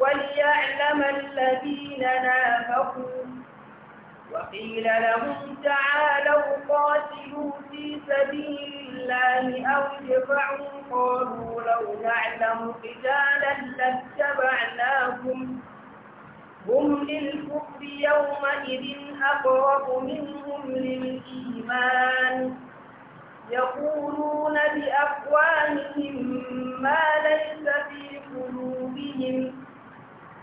وليعلم الذين نافقوا وقيل لهم تعالوا قاتلوا في سبيل الله أو ادفعوا قالوا لو نعلم قتالا لاتبعناكم هم للكفر يومئذ أقرب منهم للإيمان يقولون بأفواههم ما ليس في قلوبهم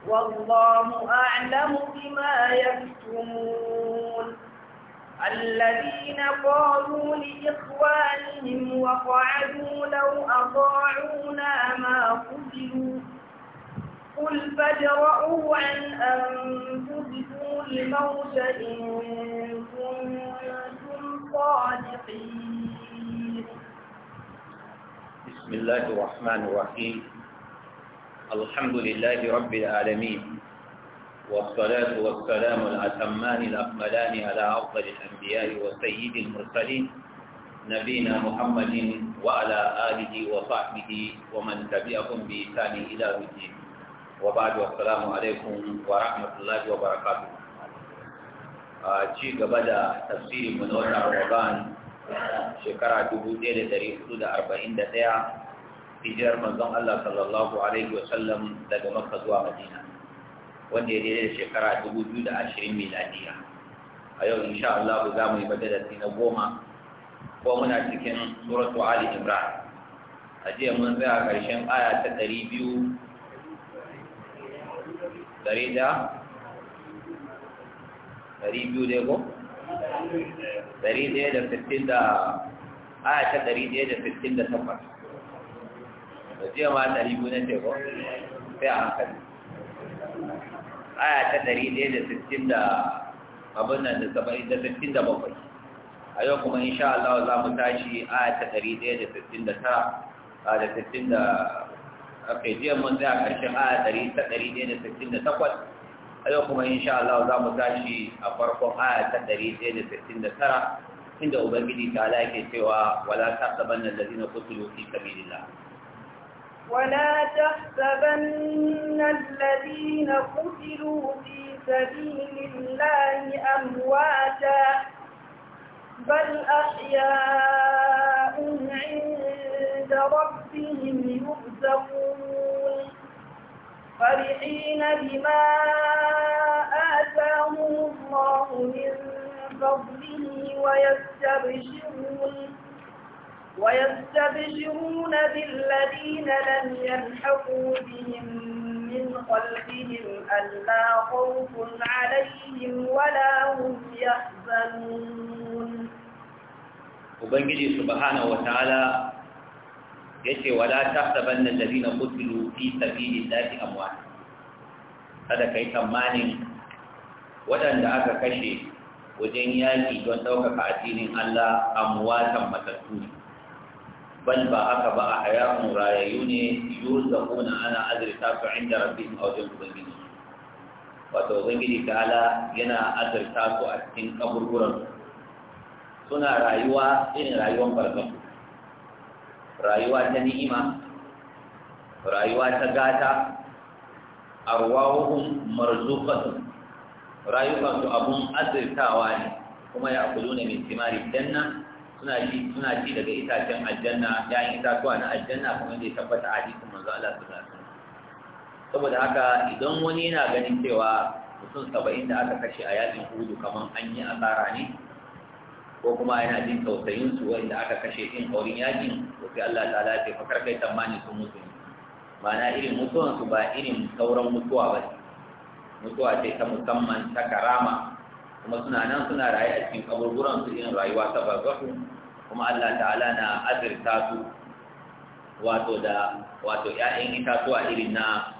والله أعلم بما يكتمون الذين قالوا لإخوانهم وقعدوا لو أطاعونا ما قتلوا قل فادرءوا عن أنفسكم الموت إن كنتم صادقين بسم الله الرحمن الرحيم الحمد لله رب العالمين والصلاة والسلام الأتمان الأكملان على أفضل الأنبياء وسيد المرسلين نبينا محمد وعلى آله وصحبه ومن تبعهم بإحسان إلى الدين وبعد والسلام عليكم ورحمة الله وبركاته ci gaba da tafsirin mu na watan Ramadan shekara 1441 hijirar manzon Allah sallallahu alaihi wasallam daga Makka zuwa Madina wanda ya daidai da shekara 2020 miladiya a yau insha Allah za mu yi magana cikin goma ko muna cikin suratu Ali Imran a jiya mun tsaya karshen aya ta 200 dari da dari dai ko dari da sittin da aya ta dari da jiya ma ɗari biyu na teko sai a hankali aya ta ɗari ɗaya da sittin da abin nan da saba'in da sittin da bakwai a yau kuma in sha Allah za mu tashi aya ta ɗari ɗaya da sittin da tara da sittin da ake jiya mun zai a ƙarshen aya ɗari ta ɗari ɗaya da sittin da takwas a yau kuma in sha Allah za mu tashi a farkon aya ta ɗari ɗaya da sittin da tara inda ubangiji ta ala yake cewa wala ta saban nan da zina kusuru fi sabilillah ولا تحسبن الذين قتلوا في سبيل الله أمواتا بل أحياء عند ربهم يرزقون فرحين بما آتاهم الله من فضله ويستبشرون ويستبشرون بالذين لم يلحقوا بهم من خلفهم ألا خوف عليهم ولا هم يحزنون وبنجي سبحانه وتعالى yace wala tahsabanna alladhina qutilu fi sabilillahi amwat kada kai tsammanin waɗanda aka kashe wajen yaki don daukaka addinin Allah amwatan matattu bal ba haka ba a hayarun rayayyu ne yurzaquna ana azrita su inda rabbihim aw jin ubangiji wato ubangiji ta'ala yana azurta su a cikin kaburburan suna rayuwa irin rayuwar barkan rayuwa ta ni'ima rayuwa ta gata arwahuhum marzuqatun Rayuwa su abun azurtawa ne kuma ya kudu ne min timari janna suna ci suna ci daga itacen aljanna yayin itatuwa na aljanna kuma zai tabbata a hadisin manzo Allah sallallahu alaihi wasallam saboda haka idan wani yana ganin cewa mutum saba'in da aka kashe a yakin hudu kamar an yi asara ne ko kuma yana jin tausayin su wanda aka kashe din kaurin yakin to sai Allah ta'ala ya ce fakar kai tamani sun mutu ma'ana irin mutuwan ba irin sauran mutuwa ba mutuwa ce ta musamman ta karama kuma suna nan suna raye a cikin kaburburan su irin rayuwa ta barzahu kuma Allah ta'ala na azirta su wato da wato ƴaƴan itatuwa irin na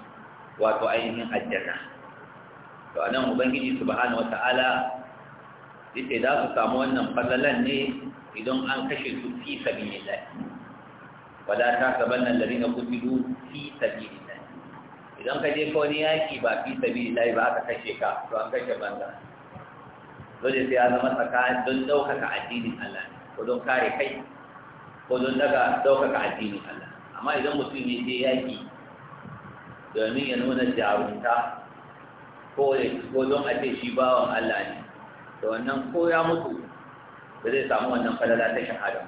wato ainihin aljanna to anan ubangiji subhanahu wata'ala yace za su samu wannan fadalan ne idan an kashe su fi sabilillah wala ta sabanna alladhina qutilu fi sabilillah idan ka je ka wani yaki ba fi sabilillah ba ka kashe ka to an kashe banda dole sai ya zama tsakanin don ɗaukaka addinin Allah ko don kare kai ko don daga ɗaukaka addinin Allah amma idan mutum ya je yaƙi domin ya nuna jarumta ko don ake shi bawan Allah ne da wannan ko ya mutu ba zai samu wannan falala ta shahada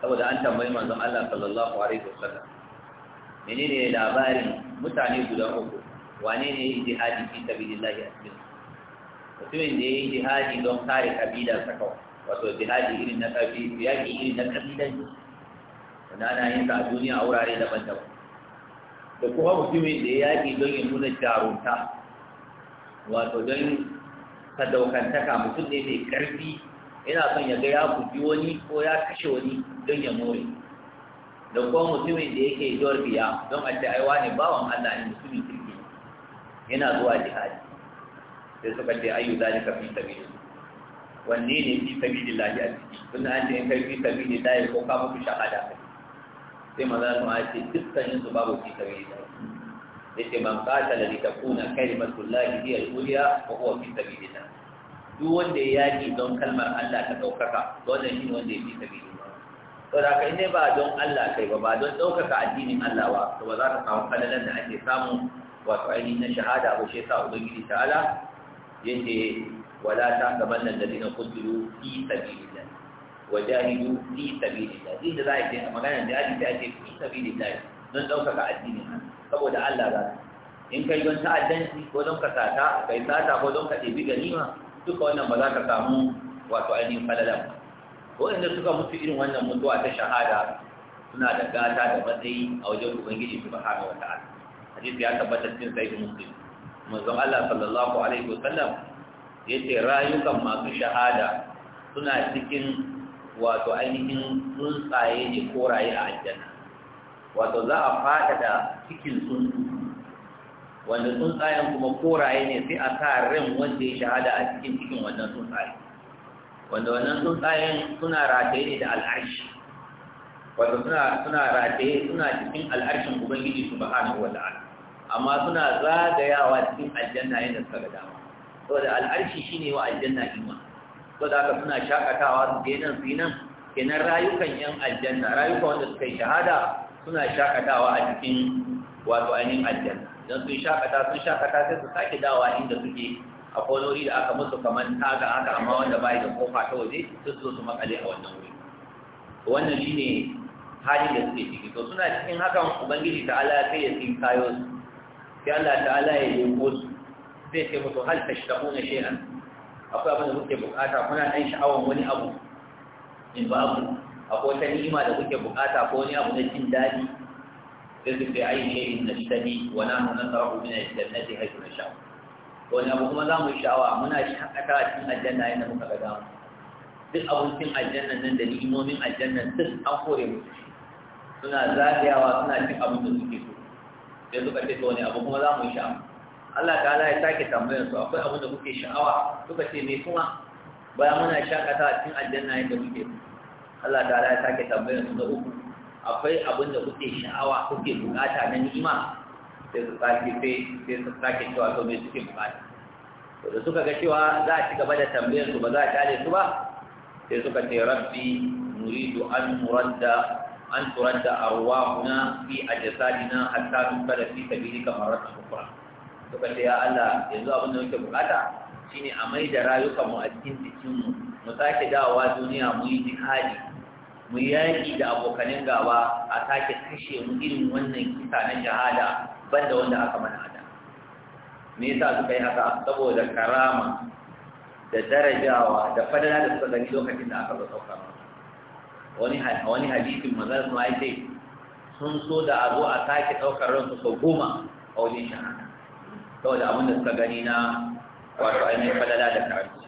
saboda an tambayi manzon Allah sallallahu alaihi wasallam menene labarin mutane guda uku wane ne jihadi fi sabilillah a cikin mutumin da ya yi jihadi don kare kabila ta kawai wato jihadi irin na kabi yaƙi irin na ne wanda ana yin sa a duniya a wurare daban-daban da kuma mutumin da ya yaƙi don ya nuna jarumta wato don ka daukantaka mutum ne mai ƙarfi yana son ya ga ya guji wani ko ya kashe wani don ya more da kuma mutumin da yake biya don a ce ai wani bawan Allah ne mutumin kirki yana zuwa jihadi sai suka ce ayu zalika fi sabilillah wanne ne fi sabilillah a ciki tun an ce in kai fi sabilillah ko ka muku shahada sai maza su ma ce dukkanin su babu fi sabilillah yace man qatala li takuna kalimatullahi hiya al-ulya wa huwa fi sabilillah duk wanda ya yaki don kalmar Allah ta daukaka to wannan shine wanda ya fi sabilillah to da kai ne ba don Allah kai ba ba don daukaka addinin Allah ba to ba za ka samu kalalan da ake samu wato ainihin na shahada ba shi yasa ubangiji ta'ala yace wala ta tahsaban alladhina qutilu fi sabilillah wajahidu fi sabilillah din da yi ce magana da ake ta ce fi sabilillah don daukaka addini saboda Allah za in kai don ta'addanci ko don ka sata kai sata ko don ka ɗebi ganima duka wannan ba za ka samu wato ainihin falalan ko inda suka mutu irin wannan mutuwa ta shahada suna da gata da matsayi a wajen ubangiji subhanahu wa ta'ala hadisi ya tabbata cikin sahih muslim manzon Allah sallallahu alaihi wasallam yace rayukan masu shahada suna cikin wato ainihin tsuntsaye ne koraye a aljanna wato za a da cikin tsuntsu wanda tsuntsayen kuma koraye ne sai a sa ran wanda ya shahada a cikin cikin wannan tsuntsaye wanda wannan tsuntsayen suna rataye ne da al'arshi wato suna rataye suna cikin al'arshin ubangiji subhanahu wa ta'ala amma suna zagayawa cikin aljanna yadda suka ga dama saboda al'arshi shine wa aljanna ima saboda haka suna shakatawa su je nan su yi nan rayukan yan aljanna rayuka wanda suka yi shahada suna shakatawa a cikin wato ainihin aljanna don sun shakata sun shakata sai su sake dawa inda suke a kolori da aka musu kamar taga haka amma wanda bai da kofa ta waje su zo su makale a wannan wuri wannan shine hali da suke ciki to suna cikin hakan ubangiji ta ala sai ya tsinkayo su sai Allah ta'ala ya nemo su zai ce musu hal tashtaquna shay'an akwai abin da kuke bukata kuna ɗan sha'awan wani abu in ba ku akwai wata ni'ima da kuke bukata ko wani abu na jin daɗi sai su ce ai ne na nashtadi wa nahnu nasrahu min al-jannati haythu nasha'u wani abu kuma za mu sha'awa muna shakata a cikin aljanna yadda muka ga damu duk abincin aljannan nan da ni'imomin aljannan duk an kore musu suna zagayawa suna cin abin da suke so sai suka ce to wani abu kuma za mu yi sha'awa Allah ta'ala ya sake tambayar su akwai abin da kuke sha'awa suka ce me kuma bayan muna shakatawa cikin aljanna yadda muke Allah ta'ala ya sake tambayar su da uku akwai abin da kuke sha'awa kuke bukata na ni'ima sai su sake sai su sake cewa to me suke bukata to da suka ga cewa za a ci gaba da tambayar su ba za a tare su ba sai suka ce rabbi nuridu an muradda an turadda arwahuna fi ajsadina hatta tunfada fi sabilika marratan ukhra to kace ya Allah yanzu abin da muke bukata shine a mai da rayukan mu a cikin jikin mu mu sake dawowa duniya mu yi jihadi mu yaki da abokanin gaba a sake kashe mu irin wannan kisa na ban banda wanda aka mana hada me yasa suka yi haka saboda karama da darajawa da fadala da suka gani lokacin da aka zo saukar wani hadisin manzon sun ya ce sun so da abu a sake ɗaukar ransu sau goma a wajen shahada saboda abin da suka gani na wato ainihin fadala da karatu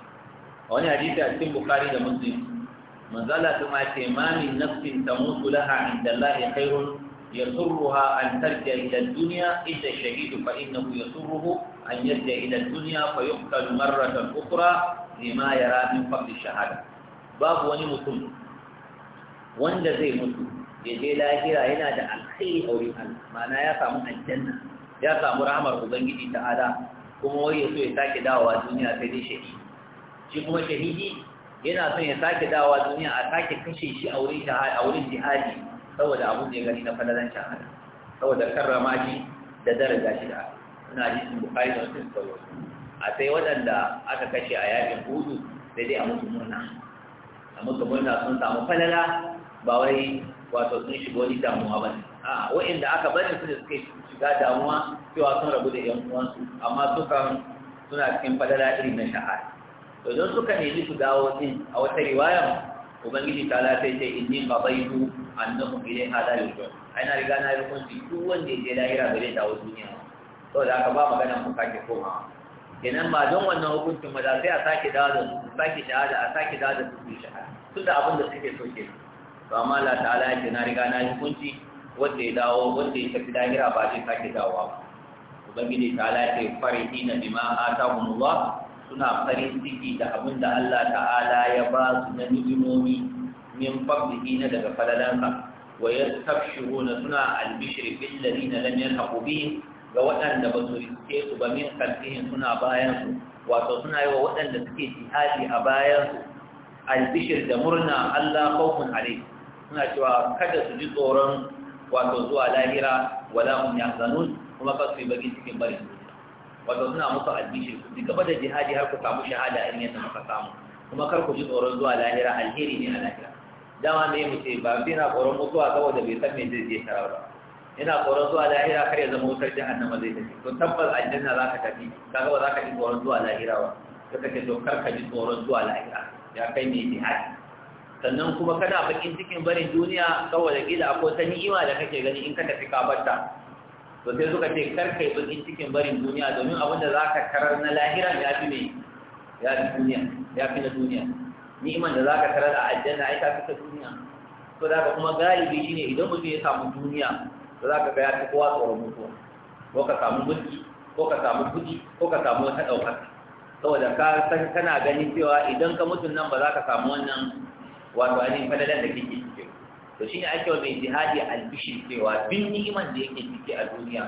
a wani hadisi a cikin bukari da muslim manzala ta ma ce ma min nafsin tamutu laha inda Allah khairun yasurruha an tarja ila duniya, idda shahidu fa innahu yasurruhu an yarja ila duniya fa yuqtal marratan ukhra lima yara min qabl shahada babu wani mutum wanda zai mutu ya je lahira yana da alkhairi a wurin Allah ma'ana ya samu aljanna ya samu rahmar ubangiji ala, kuma wai ya so ya sake dawowa duniya sai dai shahidi shi kuma shahidi yana son ya sake dawowa duniya a sake kashe shi a wurin shahada a wurin jihadi saboda abun da ya gani na fadalan shahada saboda karrama shi da daraja shi da ina ji sun bukari da wasu sauyo a sai waɗanda aka kashe a yakin hudu sai dai a mutu murna a mutu murna sun samu falala ba wai wato sun shiga wani damuwa ba ne a da aka bari su da suke shiga damuwa cewa sun rabu da yan uwansu amma sukan suna cikin fadala irin na shahara to don suka nemi su dawo din a wata riwaya ubangiji ta lafiya ce inni qabaitu annahum ilayha da yurjun ai na riga na yi hukunci duk wanda ya je lahira ba zai dawo duniya da aka ba magana ku sake komawa kenan ba don wannan hukuncin ba da sai a sake dawo da su sake shahada a sake dawo da su shahada tun da abin da suke so ke to amma Allah ta'ala ya ce na riga na yi hukunci wanda ya dawo wanda ya tafi lahira ba zai sake dawowa ba ubangiji ta'ala ya ce farihina bima atahumullah suna farin ciki da abin da Allah ta'ala ya ba su na ni'imomi min fadlihi na daga falalansa wa yastabshiruna suna albishri bil ladina lam yalhaqu bihim ga waɗanda ba su riske su ba min kalfihin suna bayan su wato suna yi wa waɗanda suke jihadi a bayan su albishir da murna Allah kawun alaihi suna cewa kada su ji tsoron wato zuwa lahira wala hum yahzanun kuma ba su yi bakin cikin barin duniya wato suna musu albishir su ci gaba da jihadi har ku samu shahada in yadda muka samu kuma kar ku ji tsoron zuwa lahira alheri ne a lahira dama ne mu ce ba bi na tsoron mutuwa saboda bai san me zai je tarar ina tsoron zuwa lahira kar ya zama wutar jahannama zai tafi to tabbas aljanna za ka tafi kaga ba za ka ji tsoron zuwa lahira ba suka ce to kar ka ji tsoron zuwa lahira ya kai ne jihadi sannan kuma kana bakin cikin barin duniya saboda gida ko ta ni'ima da kake gani in ka tafi kabarta to sai suka ce kar kai bakin cikin barin duniya domin abin da zaka karar na lahira ya fi mai ya fi duniya ya fi na duniya ni'iman da zaka karar a aljanna ai ta fi ta duniya to da kuma galibi shine idan mutum ya samu duniya to zaka ga ya fi kowa tsoron mutuwa ko ka samu mulki ko ka samu kuɗi ko ka samu wata ɗaukar saboda ka kana ganin cewa idan ka mutum nan ba za ka samu wannan wato ainihin fadalan da kake cikin to shine ake wa mai jihadi albishir cewa duk ni'iman da yake ciki a duniya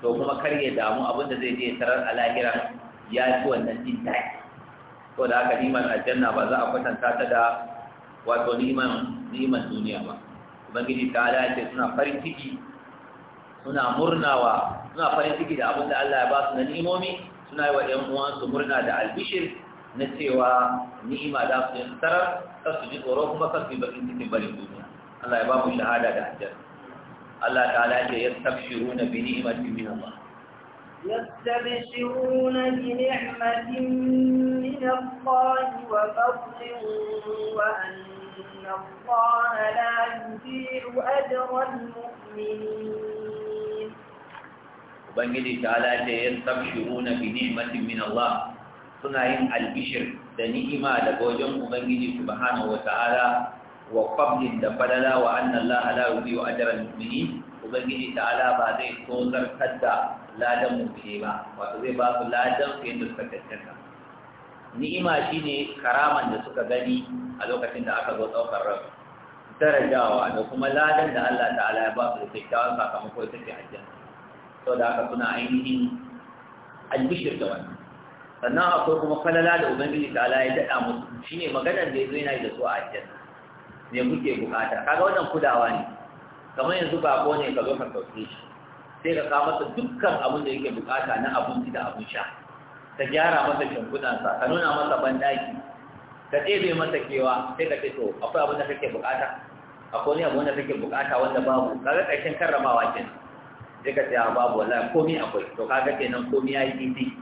to kuma kar ya damu abin da zai je tarar a lahira ya ci wannan jin daɗi to da haka ni'imar aljanna ba za a kwatanta ta da wato ni'iman ni'iman duniya ba ubangiji ta ala suna farin ciki suna murnawa suna farin ciki da abin da Allah ya ba su na ni'imomi suna yi wa ‘yan uwansu murna da albishir na cewa نعم هذا في انتر تسجد وروح مكر في بقية تبالي دنيا الله يباب شهادة دهجر الله تعالى يستبشرون بنعمة من الله يستبشرون بنعمة من الله وفضل وأن الله لا يضيع أجر المؤمنين وبنجد تعالى يستبشرون بنعمة من الله suna yin albishir da ni'ima daga wajen ubangiji subhanahu wata'ala wa qablin da fadala wa anna allaha la yudhi'u ajra al-mu'minin ubangiji ta'ala ba zai tozar kadda ladan mu'mini ba wato zai ba su ladan fiye da suka tantance ni'ima shine karaman da suka gani a lokacin da aka zo daukar rabu darajawa da kuma ladan da Allah ta'ala ya ba su da kyakkyawan sakamako ita ce aljanna saboda haka suna ainihin albishir da wannan sannan akwai kuma falala da ubangiji ta ala ya daɗa musu ne maganar da ya zo yana da su a ajiyar me kuke bukata kaga wannan kudawa ne kamar yanzu ko ne ka zo ka sauke shi sai ka kawo masa dukkan abin da yake bukata na abinci da abin sha ka gyara masa shimfiɗansa ka nuna masa banɗaki ka ɗebe masa kewa sai ka ce to akwai abin da kake bukata akwai ne abun da kake bukata wanda babu kaga ƙarshen karramawa kenan sai ka ce ah, babu wallahi komai akwai to kaga kenan komai ya yi titi.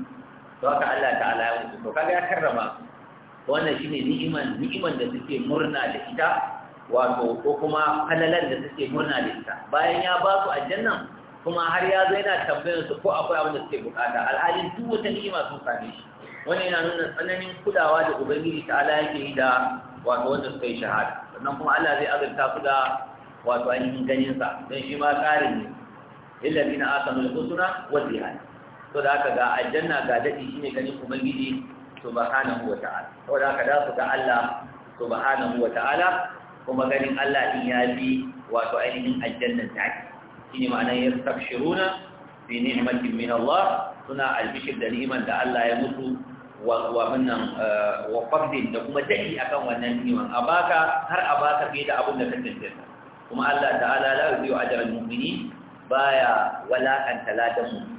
to haka Allah ta'ala ya mutu to kaga ya karrama wannan shine ni'iman ni'iman da suke murna da ita wato ko kuma halalan da suke murna da ita bayan ya ba su aljanna kuma har ya zo yana tambayar su ko akwai abin da suke bukata alhalin duk wata ni'ima sun same shi wannan yana nuna tsananin kulawa da ubangiji ta'ala yake yi da wato wanda suka yi shahada sannan kuma Allah zai azurta su da wato ainihin ganinsa don shi ma tsarin ne illa bina asanul husna wa zihad to da aka ga aljanna ga dadi shine ganin ubangiji subhanahu wa ta'ala to da aka da su ga Allah subhanahu wa ta'ala kuma ganin Allah din ya bi wato ainihin aljannan ta shine ma'anar yastabshiruna bi ni'matin min Allah suna albishir da ni'imar da Allah ya mutu wa wannan wa eh, fadin da kuma dadi akan wannan ni'imar a baka har a baka fiye da abun da ka tantance kuma Allah ta'ala la yudiyu ajral mu'minin baya walakanta ladan mu'min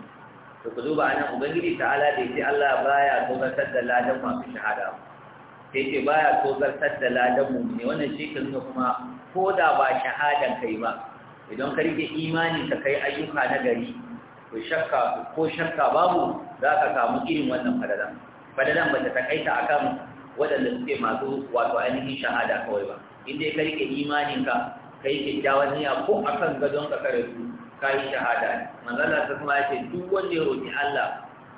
to ku duba anan ubangiji ta'ala da yake Allah baya tozartar da ladan masu shahada sai ce baya tozartar da ladan mu ne wannan shi kan kuma ko da ba shahadan kai ba idan ka rike imanin ka kai ayyuka na gari shakka ko shakka babu za ka samu irin wannan fadalan fadalan ba ta takaita akan waɗanda suke masu wato ainihin shahada kawai ba in dai ka rike imanin ka kai kyakkyawan niyya ko akan gadon ka kare kai shahada manzala ta kuma ce duk wanda ya roƙi Allah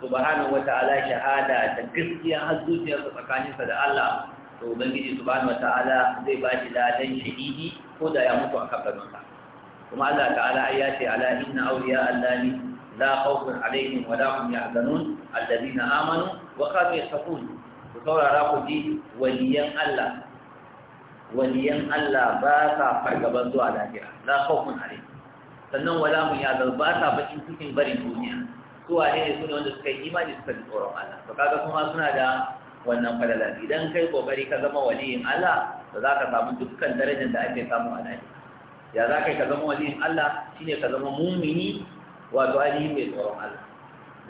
subhanahu wataala shahada da gaskiya har zuciyarsa tsakaninsa da Allah to ubangiji subhanahu wataala zai ba shi ladan shahidi ko da ya mutu a kabarinsa kuma Allah ta'ala ya ce ala inna awliya allahi la khawfun alaihim wa la hum yahzanun alladhina amanu wa kanu yattaqun ku saurara ku ji waliyan Allah waliyan Allah ba ka fargaban zuwa lahira la khawfun alaihim sannan wala mun ya ba ta bakin cikin barin duniya su wane ne su wanda suka yi imani suka ji tsoron Allah to kaga kuma suna da wannan falalar idan kai kokari ka zama waliyin Allah to za ka samu dukkan darajar da ake samu a nan ya za ka ka zama waliyin Allah shine ka zama mumini wato ainihin mai tsoron Allah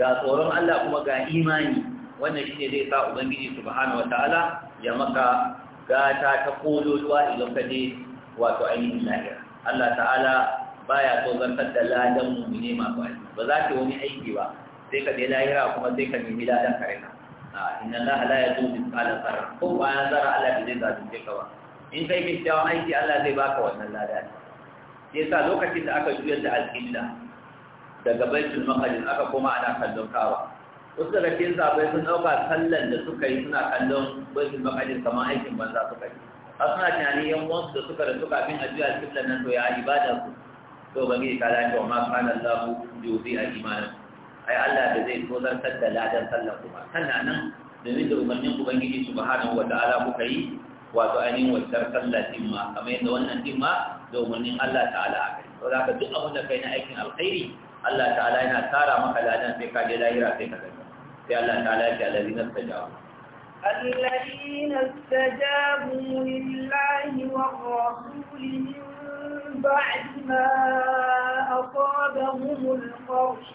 ga tsoron Allah kuma ga imani wannan shine zai sa ubangiji subhanahu wataala ya maka gata ta kololuwa idan ka je wato ainihin lahira Allah ta'ala baya so zartar da ladan mu masu aiki ba za ka wani aiki ba sai ka je lahira kuma sai ka nemi ladan ka a inna allaha la yazuzu qala sarra ko ba ya zarra Allah zai zalunce ka ba in kai kyakkyawan aiki Allah zai baka wannan ladan sai sa lokacin da aka juyar da alƙibla daga baitul maqdis aka koma ana kallon kawa wasu daga cikin zabe sun ɗauka sallan da suka yi suna kallon baitul maqdis kamar aikin banza suka yi asna suna tunanin yan wasu da suka da suka bin ajiyar kibla nan to ya ibada su to bangi ta da cewa ma kana Allah yuzi a imanin ai Allah da zai tozartar da ladan sallah kuma sannan nan domin da umarnin ubangiji subhanahu wa ta'ala kuka yi wato ainihin wajar sallah din ma kamar yadda wannan din ma da umarnin Allah ta'ala a kai to zaka duk abin da kai na aikin alkhairi Allah ta'ala yana tara maka ladan sai ka je lahira sai ka gani sai Allah ta'ala ya ce allazina tajawu الذين استجابوا لله والرسول من بعد ما أصابهم القرش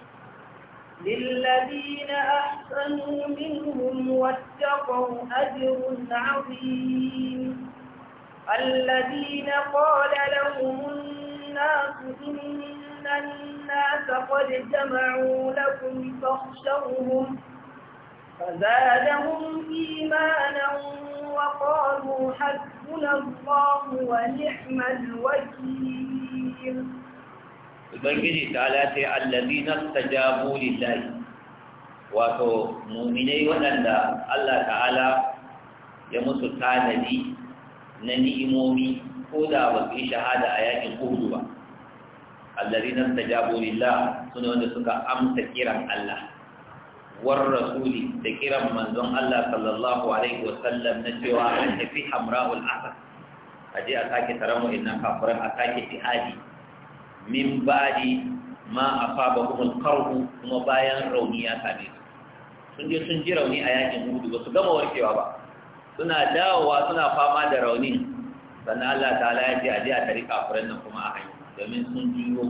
للذين أحسنوا منهم واتقوا أجر عظيم الذين قال لهم الناس إن الناس قد جمعوا لكم فاخشوهم فزادهم إيمانا وقالوا حسبنا الله ونعم الوكيل Ubangiji ta lafi allazi na tajabu lillahi wato muminai waɗanda Allah ta'ala ya musu tanadi na ni'imomi ko da ba su yi shahada a yakin kudu ba allazi na tajabu lillahi suna wanda suka amsa kiran Allah war rasuli da kiran manzon Allah sallallahu alaihi wasallam na cewa an tafi hamra'ul asad aje a sake taron wa'annan kafiran a sake jihadi min baɗi ma asabahum al-qarhu kuma bayan rauni ya same su sun je sun ji rauni a yakin hudu ba su gama warkewa ba suna dawowa suna fama da raunin. sannan Allah ta'ala ya ce aje a tari kafiran nan kuma a hanyar. domin sun juyo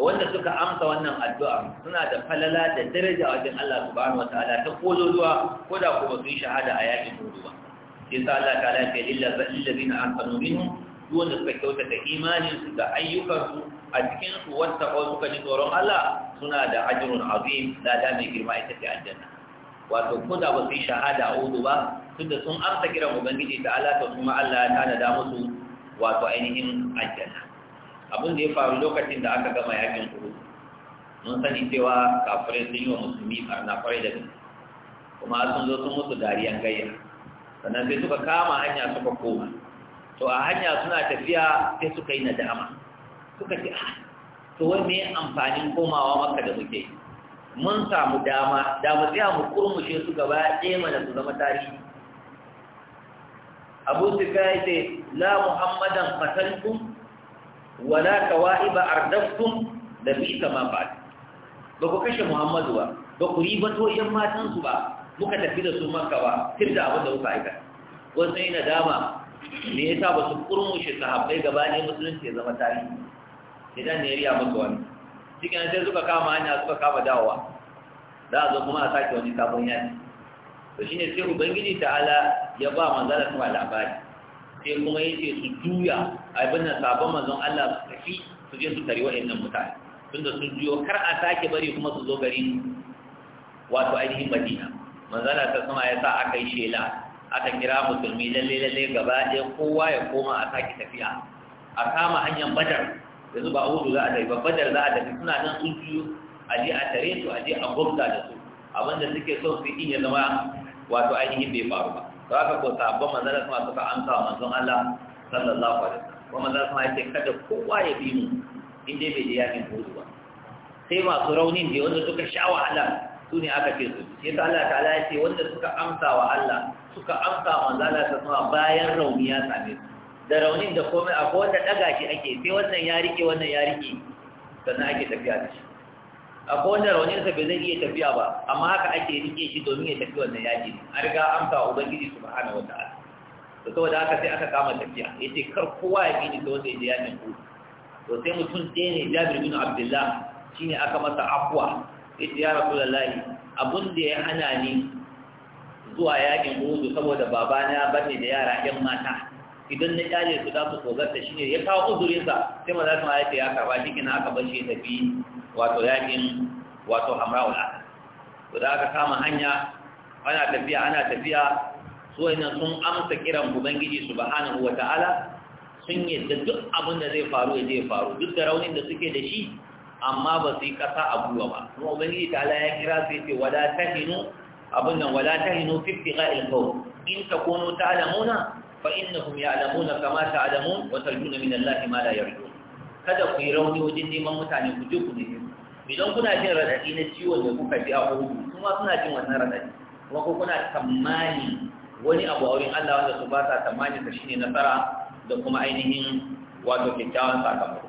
wanda suka amsa wannan addu'a suna da falala da daraja a wajen Allah subhanahu wataala ta kololuwa ko da kuma yi shahada a yaƙin Uhud ba sai sa Allah ta'ala ya lilla zallazina ahsanu minhum wanda suka kyautata imanin su da ayyukansu a cikin su wanda ko suka ji tsoron Allah suna da ajrun azim da da mai girma ita ce aljanna wato ko da ba su shahada a hudu ba tunda sun amsa kiran ubangiji ta Allah ta kuma Allah ya tana da musu wato ainihin aljanna abin da ya faru lokacin da aka gama yakin kuru mun sani cewa kafirai sun yi wa musulmi barna kwarai da gaske kuma sun zo sun musu dariyan gayya sannan sai suka kama hanya suka koma to a hanya suna tafiya sai suka yi na dama, suka ce ah to wai me amfanin komawa maka da muke mun samu dama da mu tsaya mu kurmushe su gaba ɗaya mana su zama tarihi abu su kai yace la muhammadan fasalkum wala kawaiba ardaftum da bi kama ba ba ku kashe Muhammadu ba ba ku ribato yan matan su ba muka tafi da su maka ba tir da abin da kuka aika wasu na dama me yasa ba su kurmushe sahabbai gaba ne musulunci ya zama tarihi idan ne riya musu wani cikin an sai suka kama hanya suka kama dawowa za a zo kuma a sake wani sabon yaki to shine sai ubangiji ta'ala ya ba manzalar kuma labari sai kuma ya ce su juya abin nan sabon manzon Allah su tafi su je su tari wa'annan mutane tunda sun juyo kar a sake bari kuma su zo gari wato ainihin Madina Manzana ta sama ya sa aka yi shela aka kira musulmi lalle lalle gaba ɗaya kowa ya koma a sake tafiya a kama hanyar badar yanzu ba udu za a tafi ba badar za a tafi suna nan sun juyo a je a tare su a je a gwamza da su abinda suke son su yi ya zama wato ainihin bai faru ba Ba ka ko sabon manzon Allah suka amsa wa manzon Allah sallallahu alaihi wasallam kuma manzon Allah yake kada kowa ya bi mu in dai bai je yakin Uhud ba sai masu raunin da wanda suka sha wahala su ne aka ce su sai ta Allah ta ya ce wanda suka amsa wa Allah suka amsa manzon ta sama bayan rauni ya same su da raunin da komai akwai wanda daga shi ake sai wannan ya rike wannan ya rike sannan ake tafiya da shi akwai wanda rauninsa bai zai iya tafiya ba amma haka ake rike shi domin ya tafi wannan yaƙi an riga amsa wa ubangiji wata ala to saboda haka sai aka kama tafiya ya ce kar kowa ya gini ta wanda ya yaƙin ku to sai mutum ɗaya ne Jabir bin Abdullah shine aka masa ya ce ya Rasulullahi abun da ya hana ni zuwa yaƙin Uhud saboda babana ni da yara 'yan mata idan na kyale su za su kogarta shi ne ya kawo uzurinsa sai ma za su ma ya karba shi kina aka bar shi ya tafi wato yakin wato hamra'ul asad to da aka kama hanya ana tafiya ana tafiya su wayannan sun amsa kiran ubangiji subhanahu ta'ala sun yadda duk abin da zai faru ya zai faru duk da raunin da suke da shi amma ba su yi ƙasa a gwiwa ba kuma ubangiji ta'ala ya kira sai ce wala tahinu abin nan wala tahinu fi ibtigha'il qawm in ta takunu ta'lamuna fa innahum ya'lamuna kama ta'lamun wa juna min Allah ma la yarjun kada ku yi rauni wajen neman mutane ku je ku nemi idan kuna jin radadi na ciwon da kuka ji a hudu kuma suna jin wannan radadi kuma ko kuna tsammani wani abu a wurin Allah wanda su ba sa tsammani ka shine nasara da kuma ainihin wato kyakkyawan sakamako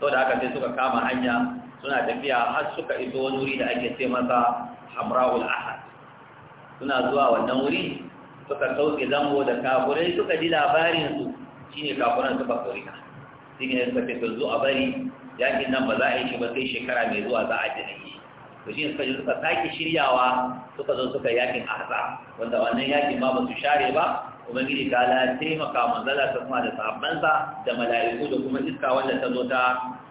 to da haka sai suka kama hanya suna tafiya har suka iso wani wuri da ake ce masa hamra'ul ahad suna zuwa wannan wuri suka sauke zango da kafurai suka ji labarin su shine kafuran suka korina shine suka fito zuwa a bari yakin nan ba za a yi shi ba sai shekara mai zuwa za a jira yi to shi suka je suka sake shiryawa suka zo suka yakin ahza wanda wannan yakin ma ba su share ba kuma ubangiji ta la taimaka manzala ta kuma da sahabbansa da mala'iku da kuma iska wanda ta zo ta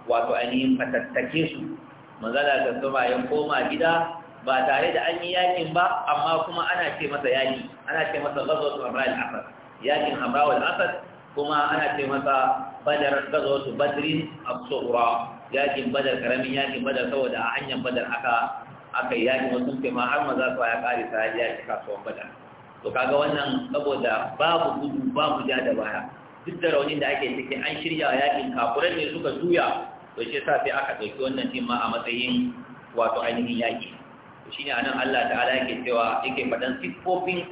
wato ainihin fatattake su manzala ta kuma ya koma gida ba tare da an yi yakin ba amma kuma ana ce masa yaki ana ce masa ghazwatu amra al-asad yakin amra al-asad kuma ana ce masa badar gazawatu badrin as-sughra yakin badar karamin yakin badar saboda a hanyar badar aka aka yi yakin wasu ke ma har maza su ya kare ta ya ci kasuwan badar to kaga wannan saboda babu gudu babu ja da baya duk da raunin da ake ciki an shirya yakin kafuran ne suka juya to shi yasa sai aka dauki wannan din ma a matsayin wato ainihin yaki to shine anan Allah ta'ala yake cewa yake fadan sifofin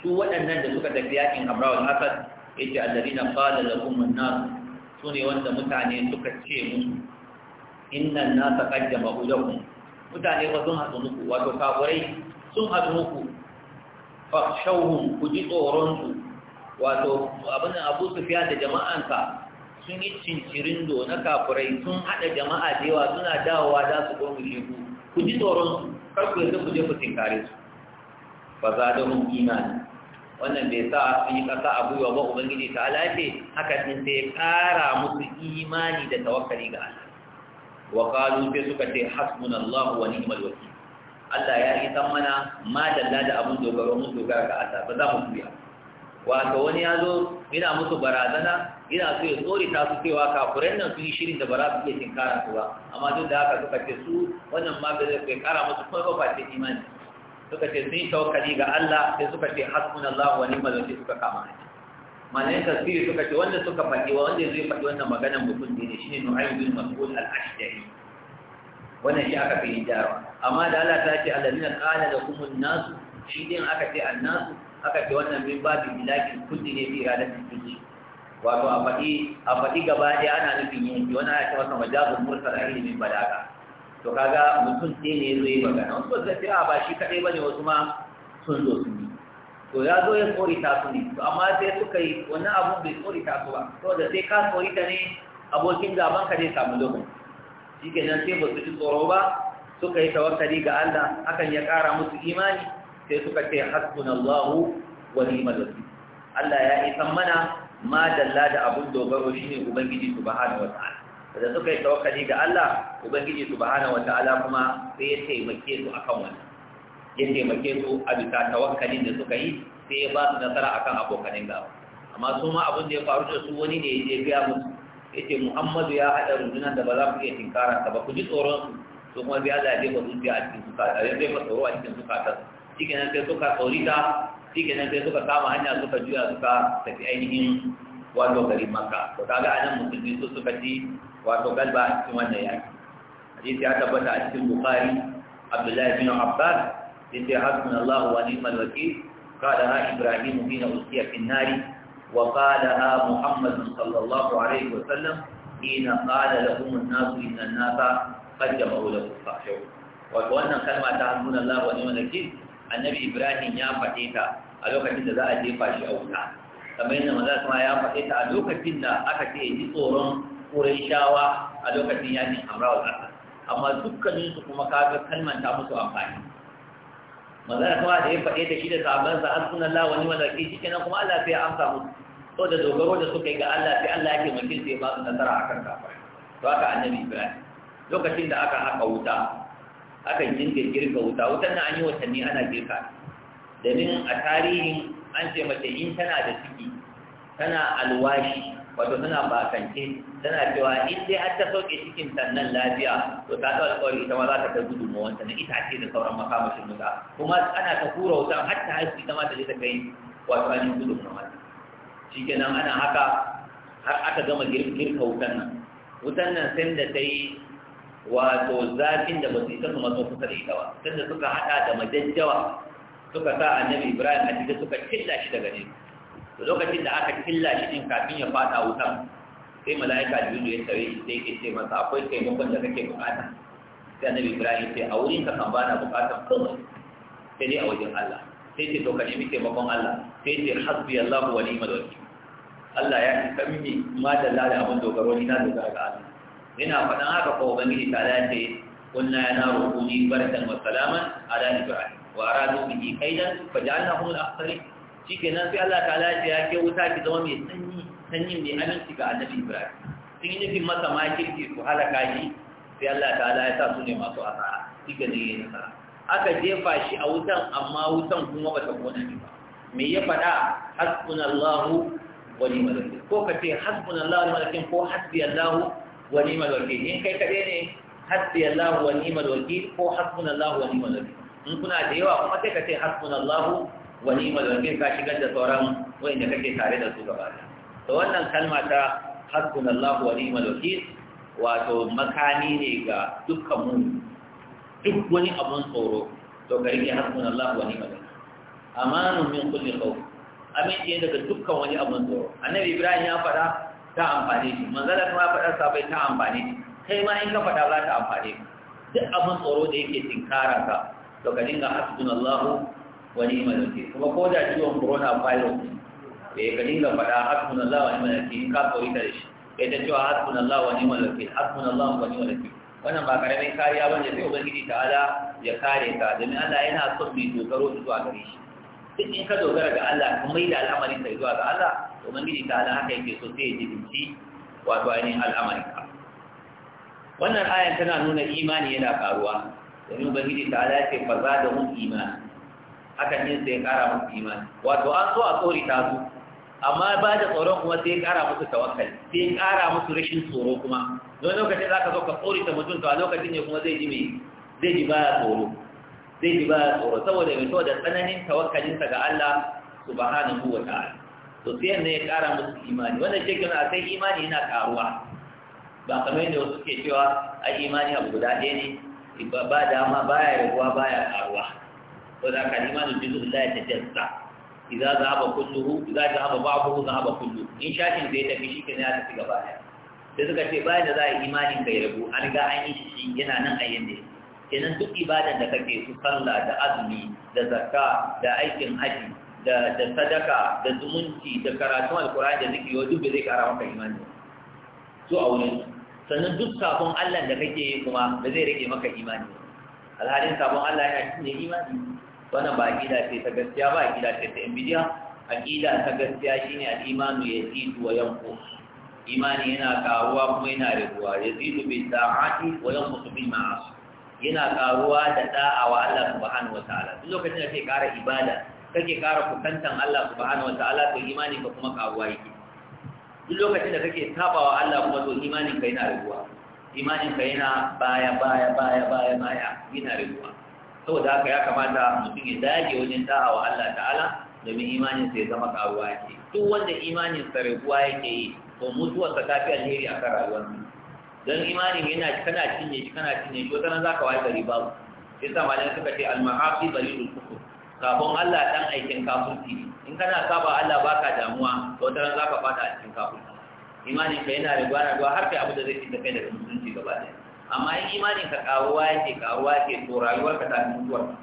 su waɗannan da suka tafi yakin Abraul Asad yace alladina qala lahum an-nas su ne wanda mutane suka ce musu innan na ta kaddama ulakun mutane ba sun haɗu muku wato kaburai sun haɗu muku fashauhun ku ji tsoronsu wato abin da abu su fiya da jama'anka sun yi cincirin do na kafurai sun haɗa jama'a da yawa suna dawowa za su mu sheku ku ji tsoronsu kar ku yanzu ku je ku tinkare su ba za da hun imani wannan bai sa su yi ƙasa a gwiwa ba ubangiji ta alaƙe haka sun sai ƙara musu imani da tawakkali ga Allah wa qalu sai suka ce Allahu wa ni'mal wakil Allah ya yi san mana ma dalla da abun dogaro mun dogara ga Allah ba za mu tuya wato wani ya zo yana musu barazana yana so ya tsori ta su cewa kafuran nan sun yi shirin da ba za su iya tinkara su ba amma duk da haka suka ce su wannan ma bai ƙara musu kuma ba ba imani suka ce sun yi ga Allah sai suka ce hasbunallahu wa ni'mal wakil suka kama hanya malayin tasiri suka ce wanda suka faɗi wa wanda zai faɗi wannan maganar mutum ne shine Nu'aym bin Mas'ud al-Ashja'i wannan shi aka fi hijara amma da Allah ta ce allazina qala da kuma nas shi din aka ce an-nas aka ce wannan min babu ilakin kulli ne bi iradatin kulli wato a faɗi a faɗi gaba ɗaya ana nufin yanki wani ana ce masa majazul mursal a ilimin balaga to kaga mutum sai ne zo yi magana wasu ba zafi a ba shi kaɗai ba ne wasu ma sun zo su yi to ya zo ya ta su ne to amma sai suka yi wannan abun bai ta su ba da sai ka ta ne abokin gaban ka ne samu lokaci shi nan sai ba su ji tsoro ba suka yi tawakkali ga Allah hakan ya ƙara musu imani sai suka ce hasbunallahu wa ni'mal wakil Allah ya isan mana ma dalla da abun dogaro shine ubangiji subhanahu ta'ala da suka yi tawakali ga Allah ubangiji subhanahu wataala kuma sai ya taimake su akan wannan ya taimake su a bisa tawakali da suka yi sai ya ba su nasara akan abokanin gaba amma su ma abin da ya faru da su wani ne ya je biya musu ya ce muhammadu ya haɗa rundunar da ba za ku iya tinkara ta ba ku ji tsoron su su kuma biya da su biya a cikin suka a yanzu ya tsoro a cikin suka ta shi kenan sai suka tsorita shi kenan sai suka kama hanya suka juya suka tafi ainihin wato garin maka ko kaga anan musulmi su suka ci wato galba a cikin wannan yaki hadisi ya tabbata a cikin bukhari abdullahi bin abbas yace hasbunallahu wa ni'mal wakil qalaha ibrahim hina usiya fi nari wa muhammad sallallahu alaihi wa sallam qala lahum an inna an-nasa qad jama'u wannan kalma ta wa ni'mal wakil annabi ibrahim ya faɗe ta a lokacin da za a jefa shi a wuta kamar yadda maza kuma ya faɗe ta a lokacin da aka ce ji tsoron Qurayshawa a lokacin yajin Amrawal Ƙasa, amma dukkanin su kuma kaga kalman ta musu amfani manzara kuma da ya faɗe da shi da sahabban sa asnallahu wa ni'mal wakil shikenan kuma Allah sai ya amsa musu to da dogaro da suka yi ga Allah sai Allah yake wakil sai ba su nasara akan kafirai to haka annabi Ibrahim lokacin da aka haka wuta aka jirgin girka wuta wutan nan an yi watanni ana girka domin a tarihin an ce mace in tana da ciki tana alwashi wato tana bakance tana cewa in dai har ta sauke cikin sannan lafiya to ta ta alƙawari ita ma za ta kai gudunmawar ta na ita ce da sauran makamashin wuta kuma ana ta hura wutan har ta haifi ita ma ta je ta kai wato an yi ainihin gudunmawar shi kenan ana haka har aka gama girka wutan nan wutan nan sai da ta yi wato zafin da ba su isa su matso kusa da ita ba sai suka haɗa da majajjawa suka sa annabi ibrahim a cikin suka killa shi daga nesa to lokacin da aka killa shi din kafin ya fada wuta sai mala'ika jibril ya tare shi sai ke ce masa akwai taimakon da kake bukata sai annabi ibrahim sai, a wurin ka kan bana bukatar komai sai dai a wajen Allah sai ce to ka nemi taimakon Allah sai ce hasbi Allah wa ni'mal wakil Allah ya isa mini ma da lada abin dogaro ni na dogara ga Allah ina faɗan haka ko ubangiji ta dace قلنا يا نار كوني بردا وسلاما على ابراهيم وارادوا به كيدا فجعلناهم الاخسرين nan sai Allah ta'ala ya ce ya ke wuta ki zama mai sanyi sanyi mai aminci ga annabi Ibrahim sun yi nufin masa ma makirki su halaka shi sai Allah ta'ala ya sa su ne masu asara shikenan ya yi nasara aka jefa shi a wutan amma wutan kuma ba ta kona shi ba me ya faɗa hasbunallahu wa ni'mal wakeel ko ka ce hasbunallahu wa ni'mal wakeel ko hasbiyallahu wa ni'mal wakeel in kai kaɗai ne hasbiyallahu wa ni'mal wakeel ko hasbunallahu wa ni'mal wakeel in kuna da yawa kuma sai ka ce hasbunallahu wani mazangin ka shigar da sauran wanda kake tare da su gaba da to wannan kalma ta hasbunallahu wa ni'mal wakil wato makani ne ga dukkan mu duk wani abun tsoro to ka rike hasbunallahu wa ni'mal wakil amanu min kulli khawf amince daga dukkan wani abun tsoro annabi ibrahim ya faɗa ta amfani, shi manzala kuma sa bai ta amfani, kai ma in ka faɗa za ta amfani, duk abun tsoro da yake tinkara ka to ka dinga hasbunallahu wani malaki kuma ko da ciwon corona virus ne eh, ka dinga faɗa hasbunallahu wa ni'mal wakil in ka koyi ta da shi ya ta cewa hasbunallahu wa ni'mal wakil hasbunallahu wa wani wakil wannan ba karamin kariya ba ne sai ubangiji ta'ala ya kare ka domin Allah yana son mai dogaro zuwa gare shi duk in ka dogara ga Allah ka mai da al'amarin sai zuwa ga Allah ubangiji ala haka yake so sai ya jibinci wato ainihin al'amarin ka wannan ayan tana nuna imani yana karuwa domin ubangiji ta'ala ya ce fa za da mun imani hakan yi sai ya kara musu imani wato an so a tsori ta su amma ba da tsoron kuma sai kara musu tawakkali sai kara musu rashin tsoro kuma don lokacin za ka zo ka tsori ta mutum to a lokacin ne kuma zai ji mai zai ji baya tsoro zai ji baya tsoro saboda mai da tsananin tawakkalinsa ga Allah subhanahu wa ta'ala to sai ne ya kara musu imani wannan shi kenan sai imani yana karuwa ba kamar yadda wasu ke cewa a imani abu guda ɗaya ne ba dama baya rabuwa baya karuwa saboda haka limanin juzu la yatajazza idza zahaba kulluhu idza zahaba ba'dahu zahaba kulluhu in shakin zai tafi shi kenan ya tafi gaba ɗaya sai suka ce bayan da za a yi imanin bai rabu an ga an yi shi yana nan a yanda kenan duk ibadan da kake su sallah da azumi da zakka da aikin haji da da sadaka da zumunci da karatun alkur'ani da zikiri wa duk zai kara maka imani su a wurin sannan duk sabon Allah da kake yi kuma ba zai rage maka imani alhalin sabon Allah yana cikin imani wannan ba aqida ce ta gaskiya ba aqida ce ta inbidiya aqida ta gaskiya shine al-imanu yazidu wa yanqu imani yana karuwa kuma yana raguwa yazidu bi sa'ati wa yanqusu bil ma'asi yana karuwa da da'a wa Allah subhanahu wa ta'ala duk lokacin da kake ƙara ibada kake ƙara kusantan Allah subhanahu wa ta'ala to imani ka kuma karuwa yake duk lokacin da kake sabawa Allah kuma to imanin ka yana raguwa imanin ka yana baya baya baya baya baya yana raguwa saboda haka ya kamata mutum ya dage wajen da'a wa Allah ta'ala domin imanin sai zama karuwa yake duk wanda imanin sa yake yi to mutuwar ta tafi alheri a kan rayuwar don imanin yana kana cinye shi kana cinye shi wata za zaka waye gari babu shi sa malamai suka ce al-mahafi dalilul Kuku, kafin Allah dan aikin kafirci in kana saba Allah baka damuwa to wata za zaka fada a cikin kafirci imanin ka yana raguwa raguwa har kai abu da zai fita kai daga musulunci gaba ɗaya amma in imanin ka karuwa yake karuwa yake to rayuwar ka ta mutuwa